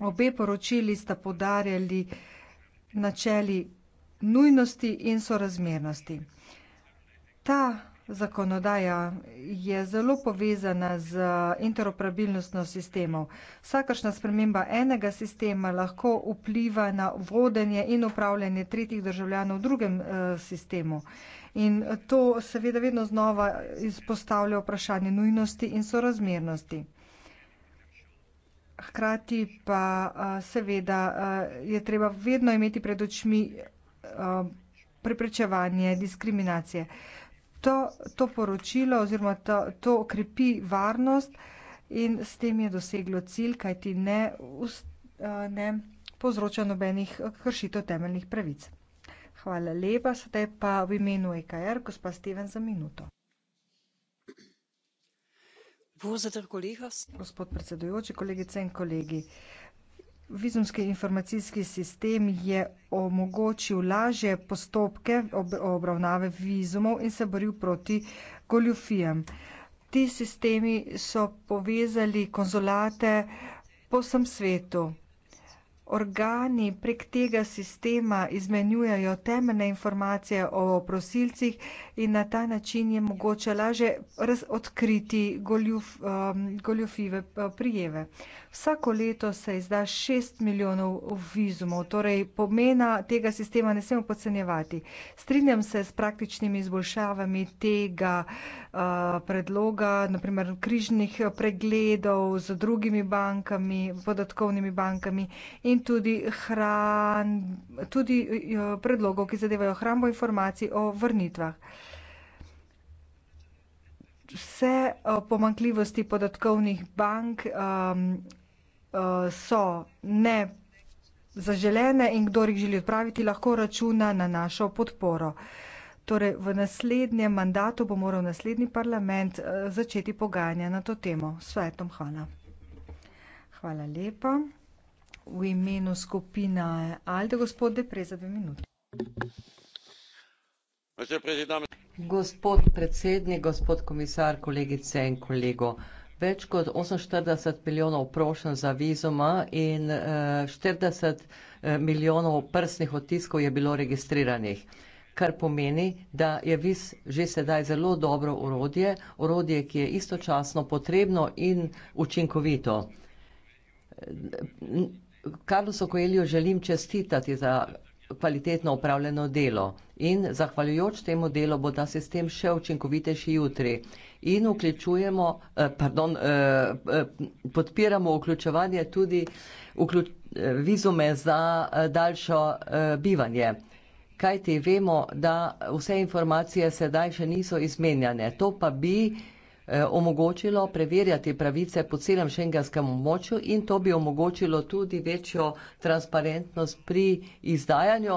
Obe poročili sta podarjali načeli nujnosti in sorazmernosti. Ta Zakonodaja je zelo povezana z interoperabilnostjo sistemov. Vsakašna sprememba enega sistema lahko vpliva na vodenje in upravljanje tretjih državljanov v drugem uh, sistemu. In to seveda vedno znova izpostavlja vprašanje nujnosti in sorazmernosti. Hkrati pa uh, seveda uh, je treba vedno imeti pred očmi uh, preprečevanje diskriminacije to, to poročilo oziroma to, to krepi varnost in s tem je doseglo cilj, kaj ti ne, eh, ne povzroča nobenih kršitev temeljnih pravic. Hvala lepa, sedaj pa v imenu EKR, gospa Steven za minuto. Gospod predsedujoči, kolegice in kolegi. Vizumski informacijski sistem je omogočil lažje postopke ob, obravnave vizumov in se boril proti goljufijam. Ti sistemi so povezali konzulate po vsem svetu. Organi prek tega sistema izmenjujejo temeljne informacije o prosilcih in na ta način je mogoče lažje odkriti goljuf, um, goljufive uh, prijeve. Vsako leto se izda 6 milijonov vizumov, torej pomena tega sistema ne smemo podcenjevati. Strinjam se s praktičnimi izboljšavami tega uh, predloga, naprimer križnih pregledov z drugimi bankami, podatkovnimi bankami in tudi, hran, tudi uh, predlogov, ki zadevajo hrambo informacij o vrnitvah. Vse eh, pomankljivosti podatkovnih bank um, Eh, so ne zaželene in kdor jih želi odpraviti, lahko računa na našo podporo. Torej, v naslednjem mandatu bo moral naslednji parlament eh, začeti pogajanja na to temo. Svetom, hvala. Hvala lepa. V imenu skupina Alde, gospod Depre, za dve minuti. Gospod predsednik, gospod komisar, kolegice in kolego več kot 48 milijonov prošen za vizuma in 40 eh, eh, milijonov prsnih otiskov je bilo registriranih. Kar pomeni, da je vis že sedaj zelo dobro urodje, urodje, ki je istočasno potrebno in učinkovito. Karlosu Koeliju želim čestitati za kvalitetno upravljeno delo in zahvaljujoč temu delu bo ta sistem še učinkovitejši jutri in vključujemo, eh, pardon, eh, eh, podpiramo vključevanje tudi vključ, vizume za daljšo bivanje. Kajti vemo, da vse informacije sedaj še niso izmenjane. To pa bi omogočilo preverjati pravice po celem šengenskem območju in to bi omogočilo tudi večjo transparentnost pri izdajanju,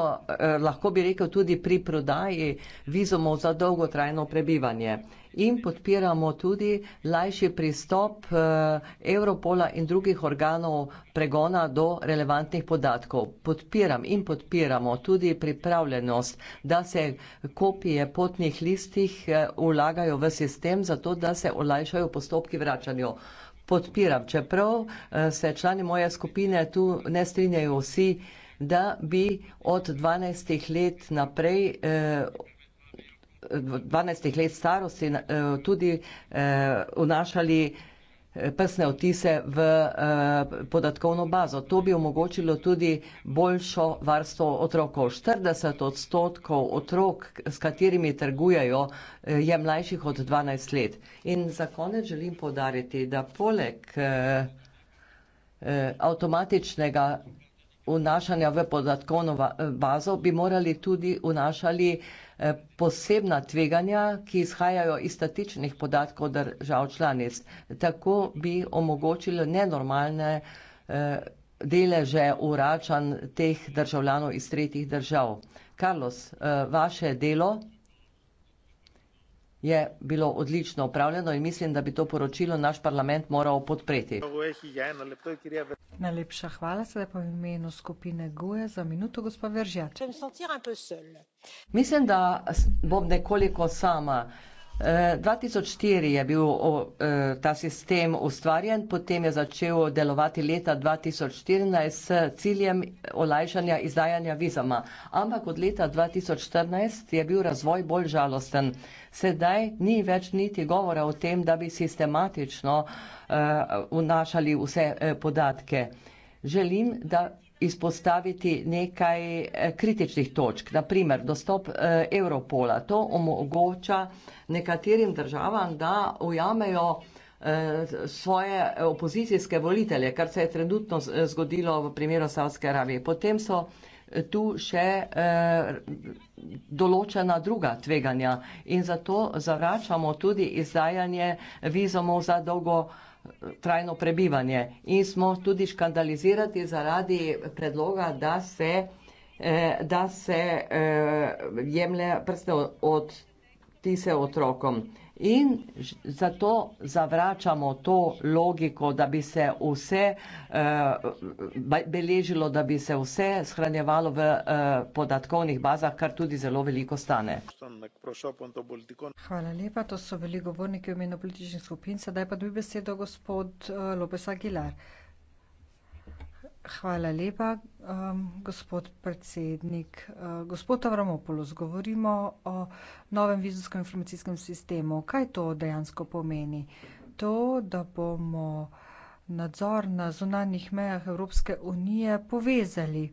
lahko bi rekel tudi pri prodaji vizumov za dolgotrajno prebivanje in podpiramo tudi lajši pristop eh, Europola in drugih organov pregona do relevantnih podatkov. Podpiram in podpiramo tudi pripravljenost, da se kopije potnih listih ulagajo eh, v sistem, zato da se olajšajo postopki vračanja. Podpiram, čeprav eh, se člani moje skupine tu ne strinjajo vsi, da bi od 12 let naprej eh, 12 let starosti eh, tudi eh, vnašali eh, prsne otise v podatkovno bazo. To bi omogočilo tudi boljšo varstvo otrokov. 40 odstotkov otrok, s katerimi trgujejo, je mlajših od 12 let. In za konec želim podariti, da poleg avtomatičnega vnašanja v podatkovno bazo bi morali tudi vnašati Eh, posebna tveganja, ki izhajajo iz statičnih podatkov držav članic. Tako bi omogočili nenormalne eh, deleže uračanj teh državljanov iz tretjih držav. Carlos, eh, vaše delo je bilo odlično upravljeno in mislim, da bi to poročilo naš parlament moral podpreti. Najlepša hvala, sedaj pa v imenu skupine Goje za minuto, gospod Veržjač. Mislim, da bom nekoliko sama. 2004 je bil e, ta sistem ustvarjen, potem je začel delovati leta 2014 s ciljem olajšanja izdajanja vizama. Ampak od leta 2014 je bil razvoj bolj žalosten. Sedaj ni več niti govora o tem, da bi sistematično e, vnašali vse e, podatke. Želim, da izpostaviti nekaj eh, kritičnih točk. Naprimer, dostop eh, Europola. To omogoča nekaterim državam, da ujamejo eh, svoje opozicijske volitelje, kar se je trenutno zgodilo v primeru Savske Arabije. Potem so tu še eh, določena druga tveganja in zato zavračamo tudi izdajanje vizomov za dolgo eh, trajno prebivanje in smo tudi škandalizirati zaradi predloga, da se, eh, da se eh, jemlje prste od, od tise otrokom. Eh, In zato zavračamo to logiko, da bi se vse uh, beležilo, da bi se vse shranjevalo v uh, podatkovnih bazah, kar tudi zelo veliko stane. Hvala lepa, to so bili govorniki v imenu političnih skupin. Sedaj pa dobi besedo gospod eh, Lopes Aguilar. Hvala lepa, um, gospod predsednik. Uh, gospod Avramopoulos, govorimo o novem vizijskem informacijskem sistemu. Kaj to dejansko pomeni? To, da bomo nadzor na zunanjih mejah Evropske unije povezali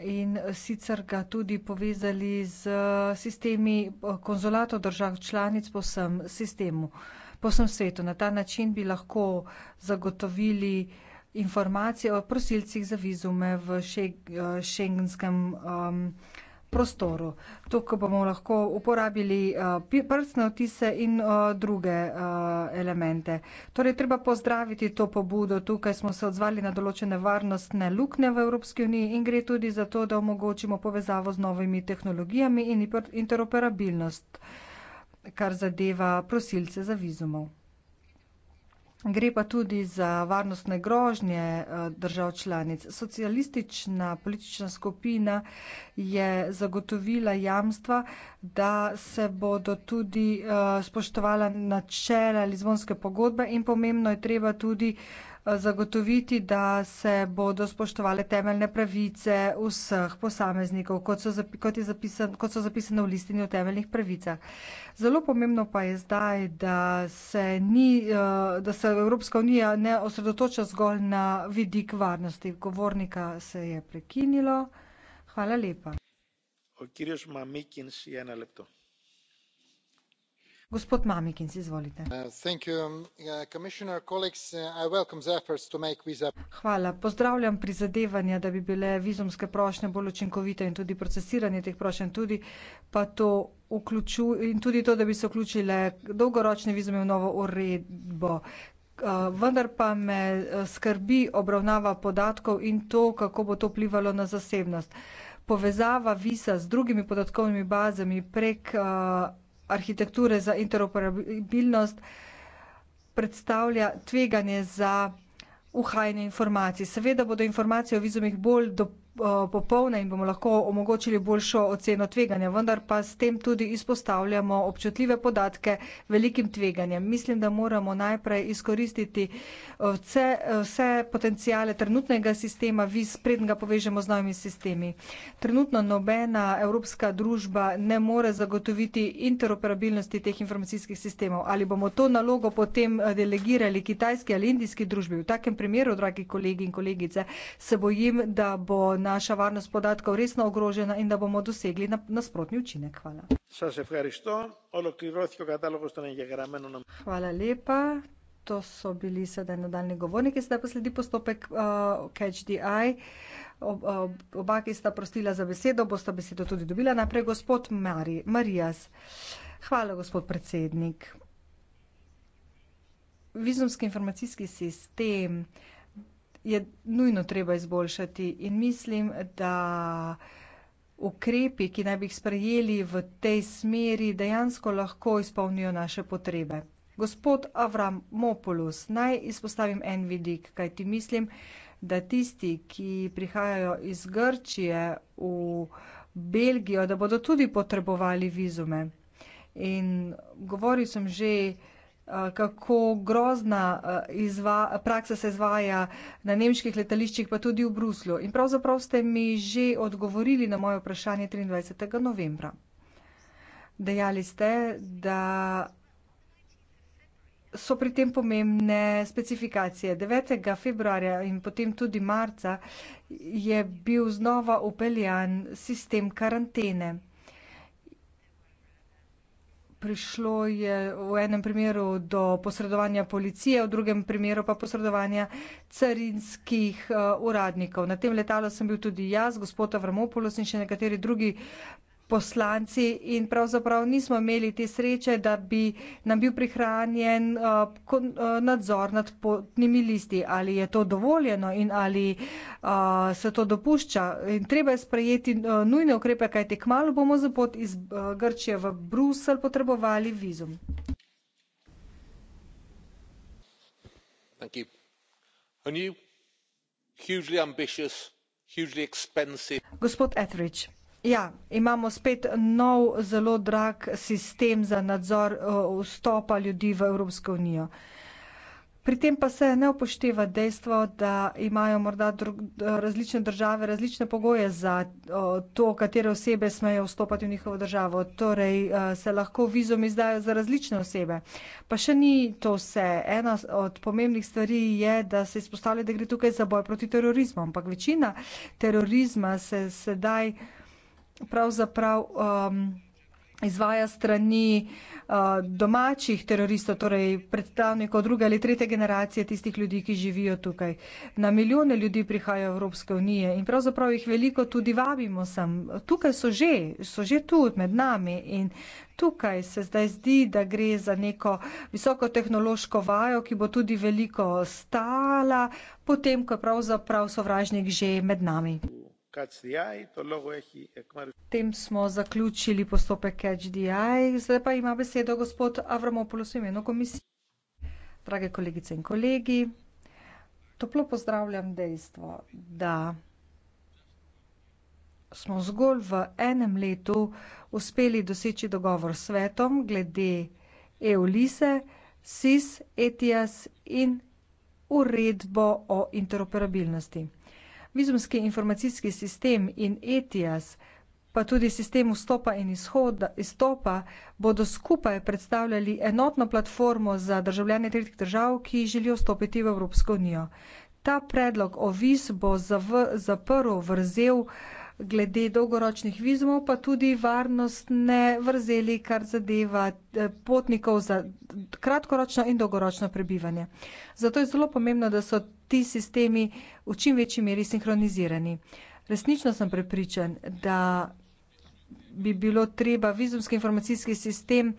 in sicer ga tudi povezali z sistemi uh, konzulatov držav članic po vsem sistemu, po vsem svetu. Na ta način bi lahko zagotovili uh, informacije o prosilcih za vizume v eh, šengenskem um, prostoru. Tukaj bomo lahko uporabili uh, prstne otise in uh, druge uh, elemente. Torej, treba pozdraviti to pobudo. Tukaj smo se odzvali na določene varnostne lukne v Evropski uniji in gre tudi za to, da omogočimo povezavo z novimi tehnologijami in interoperabilnost, kar zadeva prosilce za vizumov. Gre pa tudi za varnostne grožnje eh, držav članic. Socialistična politična skupina je zagotovila jamstva, da se bodo tudi eh, spoštovala načela Lizbonske pogodbe in pomembno je treba tudi uh, zagotoviti, da se bodo spoštovale temeljne pravice vseh posameznikov, kot so, kot je zapisan, kot so zapisane v listini o temeljnih pravicah. Zelo pomembno pa je zdaj, da se, ni, eh, da se Evropska unija ne osredotoča zgolj na vidik varnosti. Govornika se je prekinilo. Hvala lepa. O, kirjež, ma, mikins, je gospod mamikins izvolite. Uh, um, uh, uh, hvala pozdravljam prizadevanja da bi bile vizumske prošnje bolj učinkovite in tudi procesiranje teh prošenj tudi pa to in tudi to da bi se vključile dolgoročne vizume v novo uredbo. vendar pa me skrbi obravnava podatkov in to kako bo to vplivalo na zasebnost. povezava visa z drugimi podatkovnimi bazami prek arhitekture za interoperabilnost predstavlja tveganje za uhajanje informacij. Seveda bodo informacije o vizumih bolj dopolnjene, Eh, popolne in bomo lahko omogočili boljšo oceno tveganja, vendar pa s tem tudi izpostavljamo občutljive podatke velikim tveganjem. Mislim, da moramo najprej izkoristiti eh, vse, eh, vse potencijale trenutnega sistema, vi spreden ga povežemo z novimi sistemi. Trenutno nobena evropska družba ne more zagotoviti interoperabilnosti teh informacijskih sistemov. Ali bomo to nalogo potem delegirali kitajski ali indijski družbi? V takem primeru, dragi kolegi in kolegice, se bojim, da bo naša varnost podatkov resno ogrožena in da bomo dosegli nasprotni učinek. Hvala. Hvala lepa. To so bili sedaj nadaljni govorniki, sedaj pa sledi postopek uh, Catch the Eye. Ob, ob, oba, ki sta prosila za besedo, bosta besedo tudi dobila. Naprej gospod Mari, Marijas. Hvala, gospod predsednik. Vizumski informacijski sistem uh, je nujno treba izboljšati in mislim, da ukrepi, ki naj bi jih sprejeli v tej smeri, dejansko lahko izpolnijo naše potrebe. Gospod Avram Mopulus, naj izpostavim en vidik, kaj ti mislim, da tisti, ki prihajajo iz Grčije v Belgijo, da bodo tudi potrebovali vizume. In govoril sem že Eh, kako grozna eh, izva, praksa se izvaja na nemških letališčih, pa tudi v Bruslju. In pravzaprav ste mi že odgovorili na moje vprašanje 23. novembra. Dejali ste, da so pri tem pomembne specifikacije. 9. februarja in potem tudi marca je bil znova upeljan sistem karantene prišlo je v enem primeru do posredovanja policije, v drugem primeru pa posredovanja carinskih uh, uradnikov. Na tem letalu sem bil tudi jaz, gospod Avramopoulos in še nekateri drugi poslanci in pravzaprav nismo imeli te sreče, da bi nam bil prihranjen uh, kon, uh, nadzor nad potnimi listi. Ali je to dovoljeno in ali uh, se to dopušča. In treba je sprejeti uh, nujne ukrepe, kajte kmalo bomo za pot iz uh, Grčije v Brusel potrebovali vizum. Thank you. A new, hugely ambitious, hugely expensive. Gospod Etheridge. Ja, imamo spet nov, zelo drag sistem za nadzor eh, vstopa ljudi v Evropsko unijo. Pri tem pa se ne upošteva dejstvo, da imajo morda drug, eh, različne države različne pogoje za eh, to, katere osebe smejo vstopati v njihovo državo. Torej se lahko vizum izdajo za različne osebe. Pa še ni to vse. Ena od pomembnih stvari je, da se izpostavlja, da gre tukaj za boj proti terorizmu. Ampak večina terorizma se sedaj pravzaprav um, izvaja strani uh, domačih teroristov, torej predstavnikov druge ali trete generacije tistih ljudi, ki živijo tukaj. Na milijone ljudi prihajajo Evropske unije in pravzaprav jih veliko tudi vabimo sem. Tukaj so že, so že tu med nami in tukaj se zdaj zdi, da gre za neko visokotehnološko vajo, ki bo tudi veliko stala, potem, ko je pravzaprav sovražnik že med nami. Tem smo zaključili postopek HDI. Zdaj pa ima besedo gospod Avramopoulos v imenu komisije. Drage kolegice in kolegi, toplo pozdravljam dejstvo, da smo zgolj v enem letu uspeli doseči dogovor s svetom glede EULISE, SIS, ETIAS in uredbo o interoperabilnosti vizumski informacijski sistem in ETIAS, pa tudi sistem vstopa in izhoda, izstopa, bodo skupaj predstavljali enotno platformo za državljane tretjih držav, ki želijo vstopiti v Evropsko unijo. Ta predlog o viz bo zaprl vrzel glede dolgoročnih vizumov pa tudi varnostne vrzeli, kar zadeva eh, potnikov za kratkoročno in dolgoročno prebivanje. Zato je zelo pomembno, da so ti sistemi v čim večji meri sinhronizirani. Resnično sem prepričan, da bi bilo treba vizumski informacijski sistem